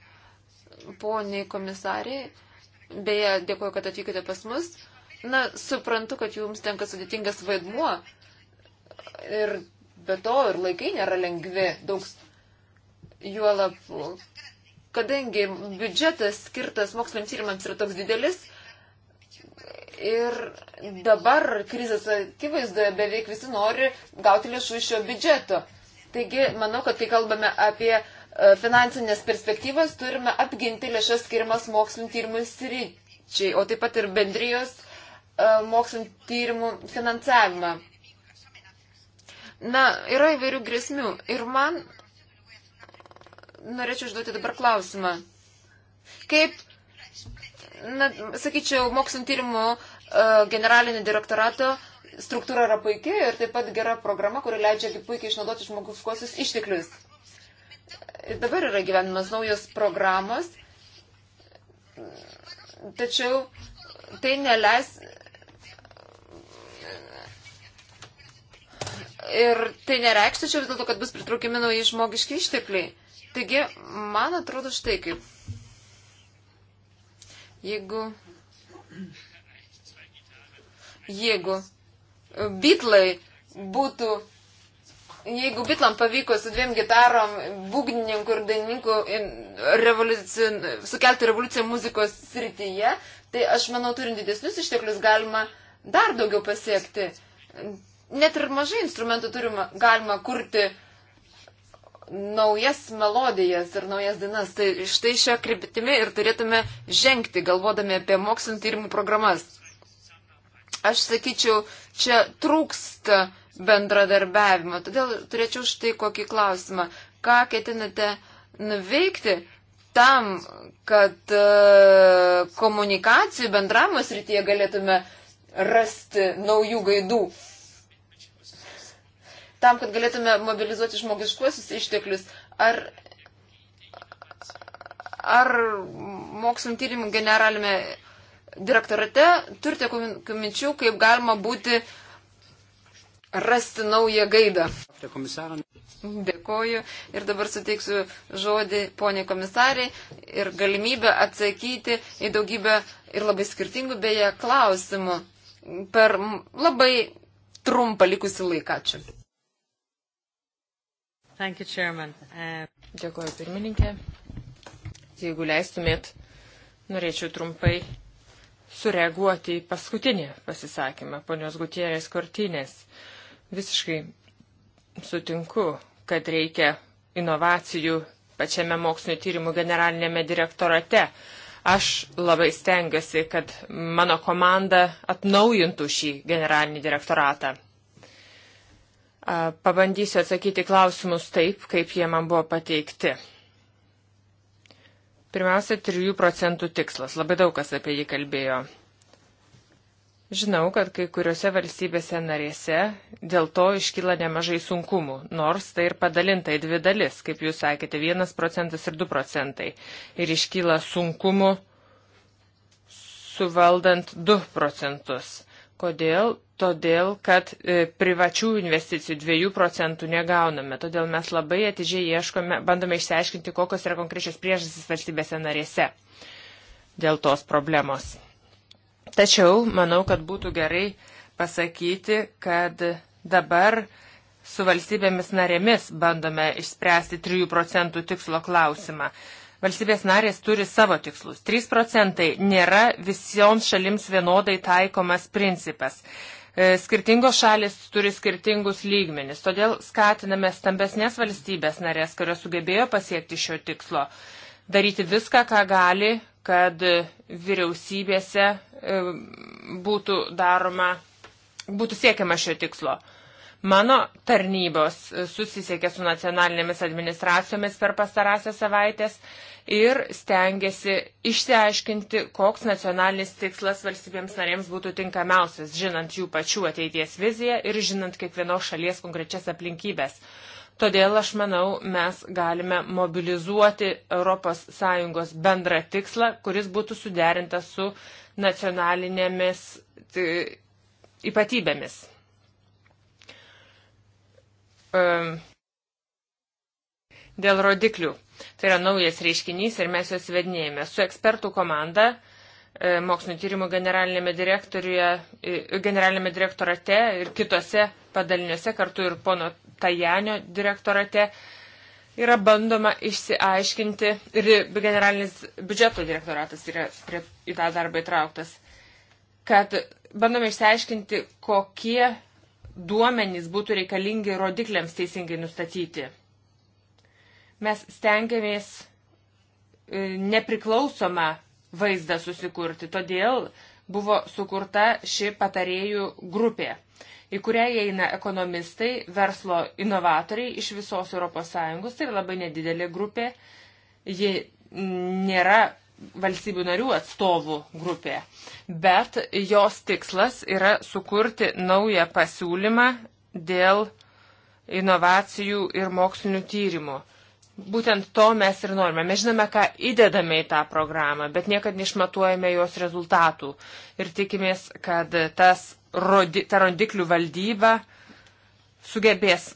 poniai komisariai. Beje, dėkuoju, kad atvykote pas mus. Na, suprantu, kad jums tenka sudėtingas vaidmuo ir be to ir laikai nėra lengvi, daug juolab, kadangi biudžetas skirtas moksliniams tyrimams yra toks didelis ir dabar krizės akivaizdoje beveik visi nori gauti lėšų iš šio biudžeto. Taigi, manau, kad kai kalbame apie e, finansinės perspektyvas, turime apginti lėšas skirimas mokslinio tyrimų sričiai, o taip pat ir bendrijos E, mokslinio tyrimų finansavimą. Na, yra įvairių grėsmių. Ir man norėčiau užduoti dabar klausimą. Kaip, na, sakyčiau, mokslinio tyrimų uh, generalinio direktorato struktūra yra puikiai ir taip pat gera programa, kuri leidžia puikiai išnaudoti žmoguskosius išteklius. Ir dabar yra gyvenimas naujos programos, tačiau tai neleis Ir tai nereikštų čia vis dėlto, kad bus pritraukiami nauji žmogiški ištekliai. Taigi, man atrodo štai kaip. Jeigu. Jeigu. Bitlai būtų. Jeigu bitlam pavyko su dviem gitarom, būgnininku ir dainininku sukelti revoliuciją muzikos srityje, tai aš manau, turint didesnius išteklius galima dar daugiau pasiekti net ir mažai instrumentų turima, galima kurti naujas melodijas ir naujas dainas. Tai štai šią kryptimį ir turėtume žengti, galvodami apie mokslinio tyrimų programas. Aš sakyčiau, čia trūksta bendradarbiavimo. Todėl turėčiau štai kokį klausimą. Ką ketinate nuveikti tam, kad e, komunikacijų bendravimo srityje galėtume rasti naujų gaidų? tam, kad galėtume mobilizuoti žmogiškuosius išteklius, ar, ar mokslinio tyrimų generalinėme direktorate turite kokių minčių, kaip galima būti rasti naują gaidą. Dėkoju ir dabar suteiksiu žodį poniai komisariai ir galimybę atsakyti į daugybę ir labai skirtingų beje klausimų per labai trumpą likusį laiką. Ačiū. Thank you, Chairman. Uh... Um, Dėkuoju, pirmininkė. Jeigu leistumėt, norėčiau trumpai sureaguoti į paskutinį pasisakymą ponios Gutierės Kortinės. Visiškai sutinku, kad reikia inovacijų pačiame mokslinio tyrimų generalinėme direktorate. Aš labai stengiuosi, kad mano komanda atnaujintų šį generalinį direktoratą. Pabandysiu atsakyti klausimus taip, kaip jie man buvo pateikti. Pirmiausia, 3 procentų tikslas. Labai daug kas apie jį kalbėjo. Žinau, kad kai kuriuose valstybėse narėse dėl to iškyla nemažai sunkumų, nors tai ir padalinta į dvi dalis, kaip jūs sakėte, 1 procentas ir 2 procentai. Ir iškyla sunkumų suvaldant 2 procentus. Kodėl? Todėl, kad e, privačių investicijų 2 procentų negauname. Todėl mes labai atidžiai ieškome, bandome išsiaiškinti, kokios yra konkrečios priežastys valstybėse narėse dėl tos problemos. Tačiau manau, kad būtų gerai pasakyti, kad dabar su valstybėmis narėmis bandome išspręsti 3 procentų tikslo klausimą. Valstybės narės turi savo tikslus. 3 procentai nėra visioms šalims vienodai taikomas principas. E, skirtingos šalis turi skirtingus lygmenis, todėl skatiname stambesnės valstybės narės, kurios sugebėjo pasiekti šio tikslo, daryti viską, ką gali, kad vyriausybėse e, būtų daroma, būtų siekiama šio tikslo. Mano tarnybos susisiekė su nacionalinėmis administracijomis per pastarąsią savaitės ir stengiasi išsiaiškinti, koks nacionalinis tikslas valstybėms narėms būtų tinkamiausias, žinant jų pačių ateities viziją ir žinant kiekvienos šalies konkrečias aplinkybės. Todėl aš manau, mes galime mobilizuoti ES bendrą tikslą, kuris būtų suderintas su nacionalinėmis ypatybėmis dėl rodiklių. Tai yra naujas reiškinys ir mes juos vedinėjame. Su ekspertų komanda, e, mokslinio tyrimų generalinėme, e, generalinėme direktorate ir kitose padaliniuose, kartu ir pono Tajanio direktorate, yra bandoma išsiaiškinti ir generalinis biudžeto direktoratas yra prie, į tą darbą įtrauktas, kad bandome išsiaiškinti, kokie duomenys būtų reikalingi rodikliams teisingai nustatyti. Mes stengiamės e, nepriklausomą vaizdą susikurti, todėl buvo sukurta ši patarėjų grupė, į kurią įeina ekonomistai, verslo inovatoriai iš visos ES, tai labai nedidelė grupė, ji nėra valstybių narių atstovų grupė, bet jos tikslas yra sukurti naują pasiūlymą dėl inovacijų ir mokslinių tyrimų. Būtent to mes ir norime. Mes žinome, ką įdedame į tą programą, bet niekad neišmatuojame jos rezultatų. Ir tikimės, kad tas, rodi, ta rodiklių valdyba sugebės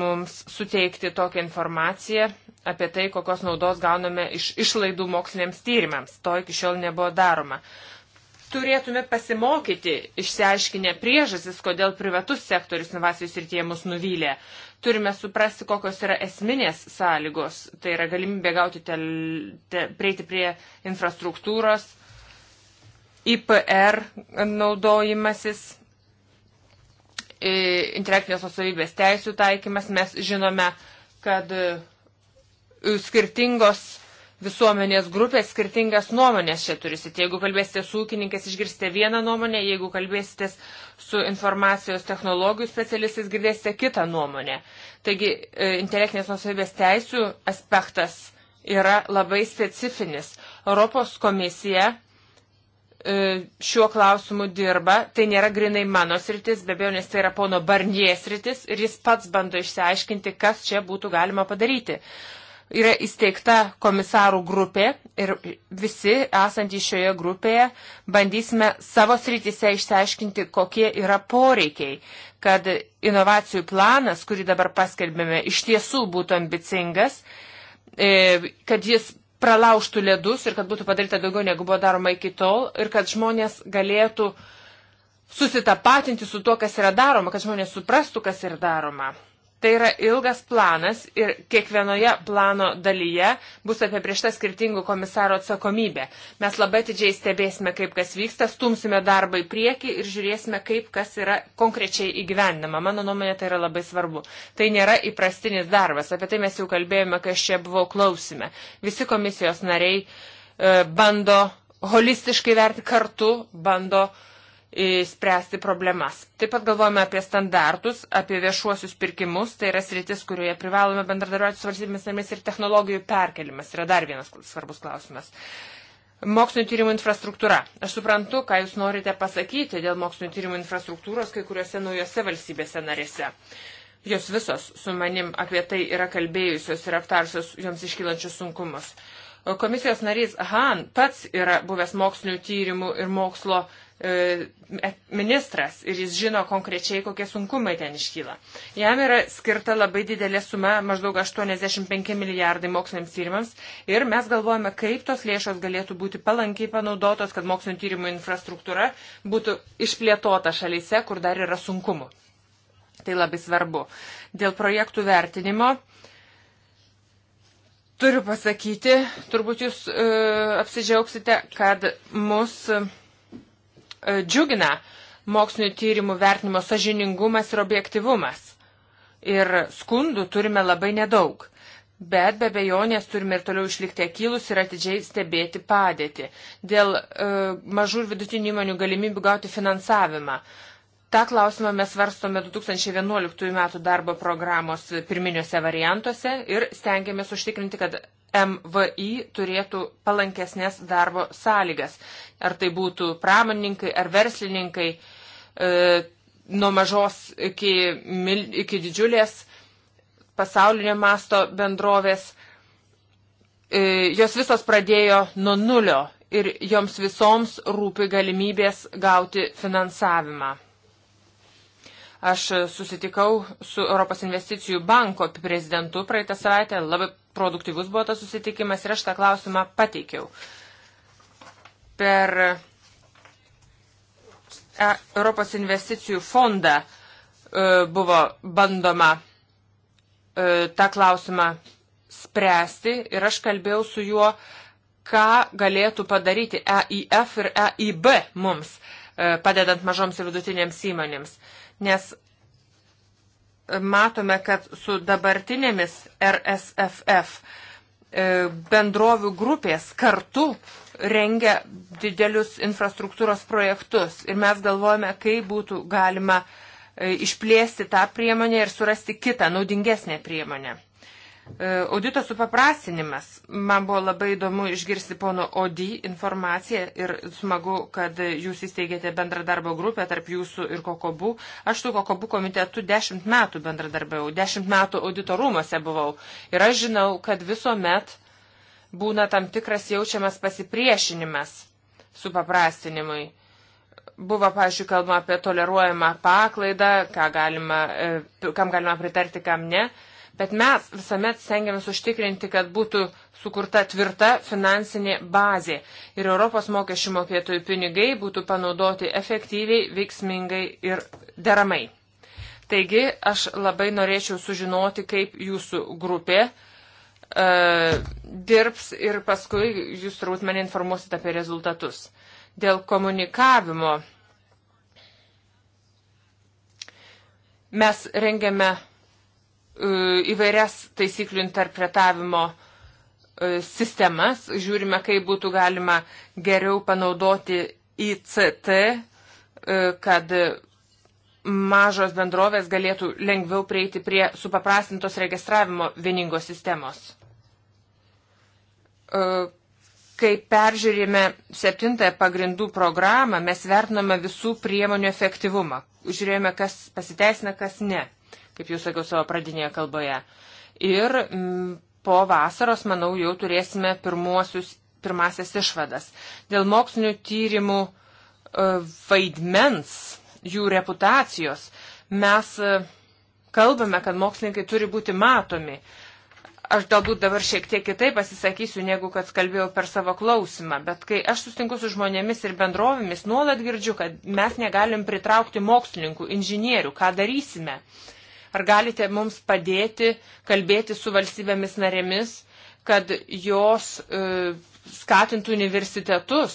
mums suteikti tokią informaciją apie tai, kokios naudos gauname iš išlaidų moksliniams tyrimams. To iki šiol nebuvo daroma. Turėtume pasimokyti, išsiaiškinę priežasis, kodėl privatus sektorius inovacijos ir tie mus nuvylė. Turime suprasti, kokios yra esminės sąlygos. Tai yra galimybė gauti tel, te, prieiti prie infrastruktūros, IPR naudojimasis, intelektinės nusavybės teisų taikymas. Mes žinome, kad e, skirtingos visuomenės grupės skirtingas nuomonės čia turisit. Jeigu kalbėsite su ūkininkais, išgirsite vieną nuomonę, jeigu kalbėsite su informacijos technologijų specialistais, girdėsite kitą nuomonę. Taigi e, intelektinės nusavybės teisų aspektas yra labai specifinis. Europos komisija e, šiuo klausimu dirba, tai nėra grinai mano sritis, be abejo, nes tai yra pono Barnies sritis ir jis pats bando išsiaiškinti, kas čia būtų galima padaryti yra įsteigta komisarų grupė ir visi esantys šioje grupėje bandysime savo srityse išsiaiškinti, kokie yra poreikiai, kad inovacijų planas, kurį dabar paskelbėme, iš tiesų būtų ambicingas, e, kad jis pralauštų ledus ir kad būtų padaryta daugiau negu buvo daroma iki tol ir kad žmonės galėtų susitapatinti su tuo, kas yra daroma, kad žmonės suprastų, kas yra daroma. Tai yra ilgas planas ir kiekvienoje plano dalyje bus apibriešta skirtingų komisaro atsakomybė. Mes labai atidžiai stebėsime, kaip kas vyksta, stumsime darbą į priekį ir žiūrėsime, kaip kas yra konkrečiai įgyvendama. Mano nuomonė tai yra labai svarbu. Tai nėra įprastinis darbas. Apie tai mes jau kalbėjome, kai aš čia buvau klausime. Visi komisijos nariai e, bando holistiškai verti kartu, bando e, spręsti problemas. Taip pat galvojame apie standartus, apie viešuosius pirkimus, tai yra sritis, kurioje privalome bendradarbiauti su valstybėmis narėmis ir technologijų perkelimas yra dar vienas svarbus klausimas. Mokslinio tyrimų infrastruktūra. Aš suprantu, ką Jūs norite pasakyti dėl mokslinio tyrimų infrastruktūros kai kuriuose naujose valstybėse narėse. Jos visos su manim apie tai yra kalbėjusios ir aptarsios joms iškylančius sunkumus. Komisijos narys Han pats yra buvęs mokslinio tyrimų ir mokslo uh, E, ministras ir jis žino konkrečiai, kokie sunkumai ten iškyla. Jam yra skirta labai didelė suma, maždaug 85 milijardai moksliniams tyrimams ir mes galvojame, kaip tos lėšos galėtų būti palankiai panaudotos, kad mokslinio tyrimų infrastruktūra būtų išplėtota šalyse, kur dar yra sunkumų. Tai labai svarbu. Dėl projektų vertinimo. Turiu pasakyti, turbūt jūs e, apsidžiaugsite, kad mūsų E, džiugina mokslinio tyrimų vertinimo sažiningumas ir objektivumas. Ir skundų turime labai nedaug. Bet be bejonės turime ir toliau išlikti akylus ir atidžiai stebėti padėtį. Dėl e, mažų ir vidutinių įmonių galimybių gauti finansavimą. E, Ta klausimą mes svarstome 2011 m. darbo programos pirminiuose variantuose ir stengiamės užtikrinti, kad MVI turėtų palankesnės darbo sąlygas. Ar tai būtų pramoninkai ar verslininkai, e, nuo mažos iki, mil, iki didžiulės pasaulinio masto bendrovės, e, jos visos pradėjo nuo nulio ir joms visoms rūpi galimybės gauti finansavimą. Aš susitikau su Europos investicijų banko prezidentu praeitą savaitę, labai produktyvus buvo tas susitikimas ir aš tą klausimą pateikiau. Per e, Europos investicijų fondą e, buvo bandoma e, tą klausimą spręsti ir aš kalbėjau su juo, ką galėtų padaryti EIF ir EIB mums, padedant mažoms ir vidutinėms įmonėms nes matome, kad su dabartinėmis RSFF e, bendrovių grupės kartu rengia didelius infrastruktūros projektus ir mes galvojame, kaip būtų galima e, išplėsti tą priemonę ir surasti kitą naudingesnę priemonę. E, audito supaprastinimas. Man buvo labai įdomu išgirsti pono Odi informaciją ir smagu, kad jūs įsteigėte bendrą darbo grupę tarp jūsų ir Kokobų. Aš su Kokobų komitetu dešimt metų bendradarbiavau, dešimt metų audito rūmose buvau. Ir aš žinau, kad visuomet būna tam tikras jaučiamas pasipriešinimas supaprastinimui. Buvo, pažiūrėjau, kalbama apie toleruojamą paklaidą, galima, e, kam galima pritarti, kam ne. Bet mes visuomet stengiamės užtikrinti, kad būtų sukurta tvirta finansinė bazė ir Europos mokesčių mokėtojų pinigai būtų panaudoti efektyviai, veiksmingai ir deramai. Taigi aš labai norėčiau sužinoti, kaip jūsų grupė e, dirbs ir paskui jūs turbūt mane informuosite apie rezultatus. Dėl komunikavimo mes rengiame E, įvairias taisyklių interpretavimo e, sistemas, žiūrime, kaip būtų galima geriau panaudoti ICT, e, kad mažos bendrovės galėtų lengviau prieiti prie supaprastintos registravimo vieningos sistemos. Kai peržiūrime septintąją pagrindų programą, mes vertiname visų priemonių efektyvumą. Žiūrėjome, kas pasiteisina, kas ne kaip jau sakiau savo pradinėje kalboje. Ir m, po vasaros, manau, jau turėsime pirmuosius, pirmasias išvadas. Dėl mokslinių tyrimų e, vaidmens, jų reputacijos, mes e, kalbame, kad mokslininkai turi būti matomi. Aš galbūt dabar šiek tiek kitaip pasisakysiu, negu kad kalbėjau per savo klausimą, bet kai aš sustinku su žmonėmis ir bendrovėmis, nuolat girdžiu, kad mes negalim pritraukti mokslininkų, inžinierių, ką darysime. Uh, Ar galite mums padėti kalbėti su valstybėmis narėmis, kad jos e, skatintų universitetus,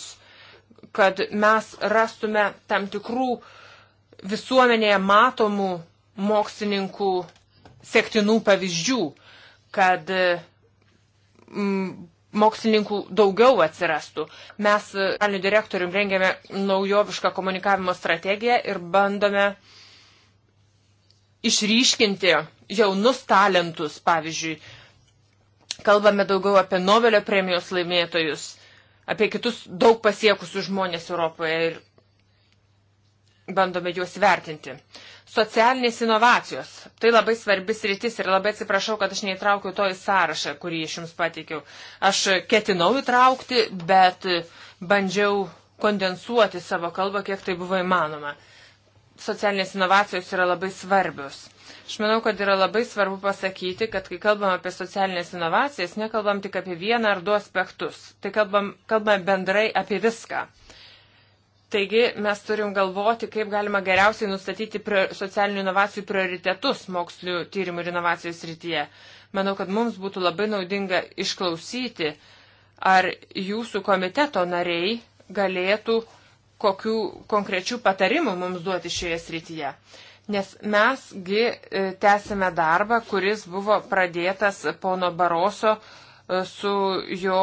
kad mes rastume tam tikrų visuomenėje matomų mokslininkų sektinų pavyzdžių, kad mm, mokslininkų daugiau atsirastų. Mes, e, generaliniu direktoriumi, rengėme naujovišką komunikavimo strategiją ir bandome uh, išryškinti jaunus talentus, pavyzdžiui, kalbame daugiau apie Nobelio premijos laimėtojus, apie kitus daug pasiekusius žmonės Europoje ir bandome juos vertinti. Socialinės inovacijos. Tai labai svarbis rytis ir labai atsiprašau, kad aš neįtraukiau to į sąrašą, kurį aš jums pateikiau. Aš ketinau įtraukti, bet bandžiau kondensuoti savo kalbą, kiek tai buvo įmanoma. Uh, socialinės inovacijos yra labai svarbios. Aš manau, kad yra labai svarbu pasakyti, kad kai kalbam apie socialinės inovacijas, nekalbam tik apie vieną ar du aspektus. Tai kalbam, kalbam bendrai apie viską. Taigi mes turim galvoti, kaip galima geriausiai nustatyti socialinių inovacijų prioritetus mokslių tyrimų ir inovacijų srityje. Manau, kad mums būtų labai naudinga išklausyti, ar jūsų komiteto nariai galėtų uh, kokių konkrečių patarimų mums duoti šioje srityje. Nes mesgi e, tęsime darbą, kuris buvo pradėtas pono Baroso e, su jo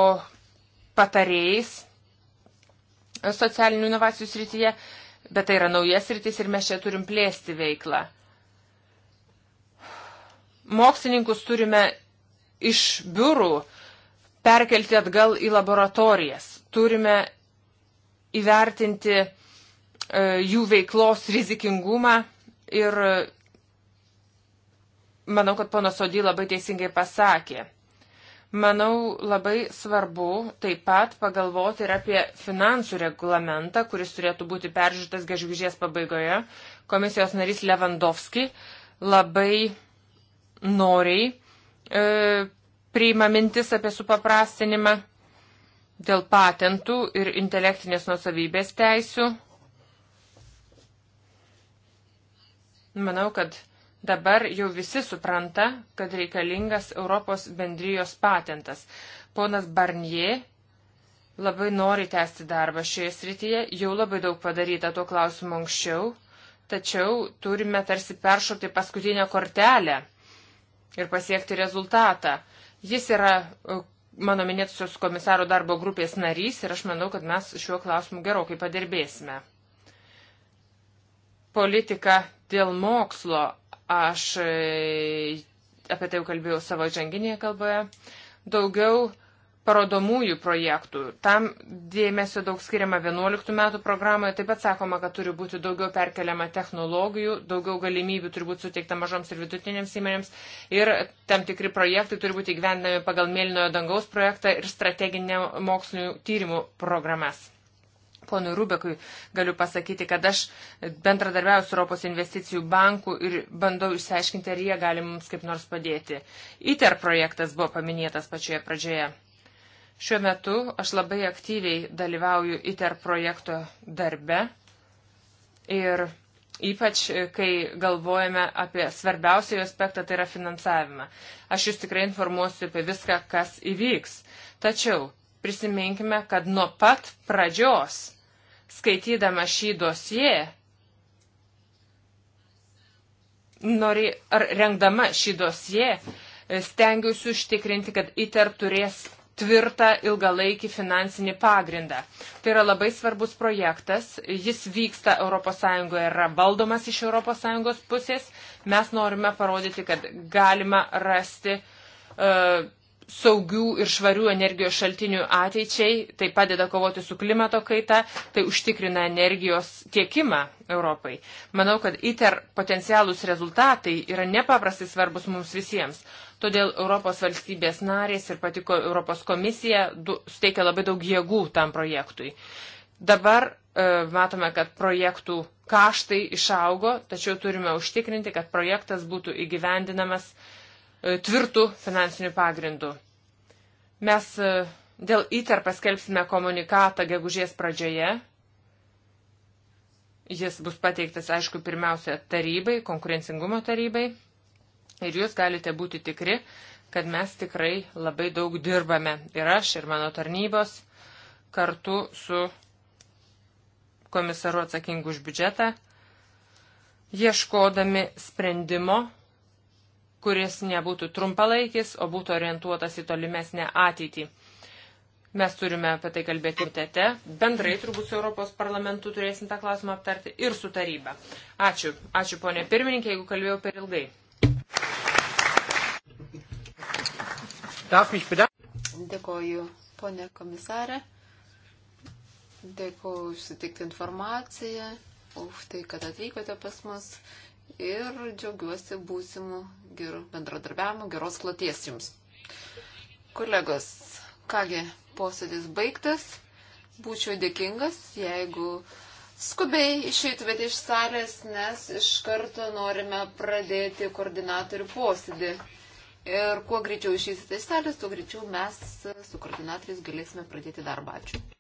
patarėjais e, socialinių inovacijų srityje, bet tai yra naujas sritis ir mes čia turim plėsti veiklą. Mokslininkus turime iš biurų perkelti atgal į laboratorijas. Turime įvertinti e, jų veiklos rizikingumą ir e, manau, kad pono Sodį labai teisingai pasakė. Manau, labai svarbu taip pat pagalvoti ir apie finansų reglamentą, kuris turėtų būti peržiūrėtas gegužės pabaigoje. Komisijos narys Levandovski labai noriai e, priima mintis apie supaprastinimą dėl patentų ir intelektinės nusavybės teisių. Manau, kad dabar jau visi supranta, kad reikalingas Europos bendrijos patentas. Ponas Barnier labai nori tęsti darbą šioje srityje, jau labai daug padaryta tuo klausimu anksčiau, tačiau turime tarsi peršokti paskutinę kortelę ir pasiekti rezultatą. Jis yra mano minėtusios komisaro darbo grupės narys ir aš manau, kad mes šiuo klausimu gerokai padirbėsime. Politika dėl mokslo, aš e, apie tai jau kalbėjau savo žanginėje kalboje, daugiau parodomųjų projektų. Tam dėmesio daug skiriama 11 metų programoje. Taip pat sakoma, kad turi būti daugiau perkeliama technologijų, daugiau galimybių turi būti suteikta mažoms ir vidutinėms įmonėms ir tam tikri projektai turi būti gyvendami pagal Mėlynojo dangaus projektą ir strateginę mokslinių tyrimų programas. Ponui Rubekui galiu pasakyti, kad aš bendradarbiauju su Europos investicijų banku ir bandau išsiaiškinti, ar jie gali mums kaip nors padėti. ITER projektas buvo paminėtas pačioje pradžioje. Šiuo metu aš labai aktyviai dalyvauju ITER projekto darbe ir ypač, e, kai galvojame apie svarbiausią jo aspektą, tai yra finansavimą. Aš jūs tikrai informuosiu apie viską, kas įvyks. Tačiau prisiminkime, kad nuo pat pradžios, skaitydama šį dosiją, norė, ar rengdama šį dosiją, e, stengiuosi užtikrinti, kad ITER turės tvirtą ilgalaikį finansinį pagrindą. Tai yra labai svarbus projektas, jis vyksta ES ir yra valdomas iš ES pusės. Mes norime parodyti, kad galima rasti uh, saugių ir švarių energijos šaltinių ateičiai, tai padeda kovoti su klimato kaita, tai užtikrina energijos tiekimą Europai. Manau, kad ITER potencialūs rezultatai yra nepaprastai svarbus mums visiems. Todėl Europos valstybės narės ir patiko Europos komisija du, suteikia labai daug jėgų tam projektui. Dabar e, matome, kad projektų kaštai išaugo, tačiau turime užtikrinti, kad projektas būtų įgyvendinamas e, E, tvirtų finansinių pagrindų. Mes e, dėl ITER paskelbsime komunikatą gegužės pradžioje. Jis bus pateiktas, aišku, pirmiausia tarybai, konkurencingumo tarybai. Ir jūs galite būti tikri, kad mes tikrai labai daug dirbame. Ir aš, ir mano tarnybos kartu su komisaru atsakingu už biudžetą, ieškodami sprendimo kuris nebūtų trumpalaikis, o būtų orientuotas į tolimesnę ateitį. Mes turime apie tai kalbėti tete. Bendrai turbūt su Europos parlamentu turėsim tą klausimą aptarti ir su taryba. Ačiū. Ačiū, ponė pirmininkė, jeigu kalbėjau per ilgai. Dėkoju, ponė komisarė. Dėkoju už sutiktą informaciją, už tai, kad atvykote pas mus ir džiaugiuosi būsimų gerų bendradarbiavimų, geros kloties jums. Kolegos, kągi, posėdis baigtas. Būčiau dėkingas, jeigu skubiai išeitumėte iš salės, nes iš karto norime pradėti koordinatorių posėdį. Ir kuo greičiau išeisite iš salės, tuo greičiau mes su koordinatoriais galėsime pradėti darbą. Ačiū.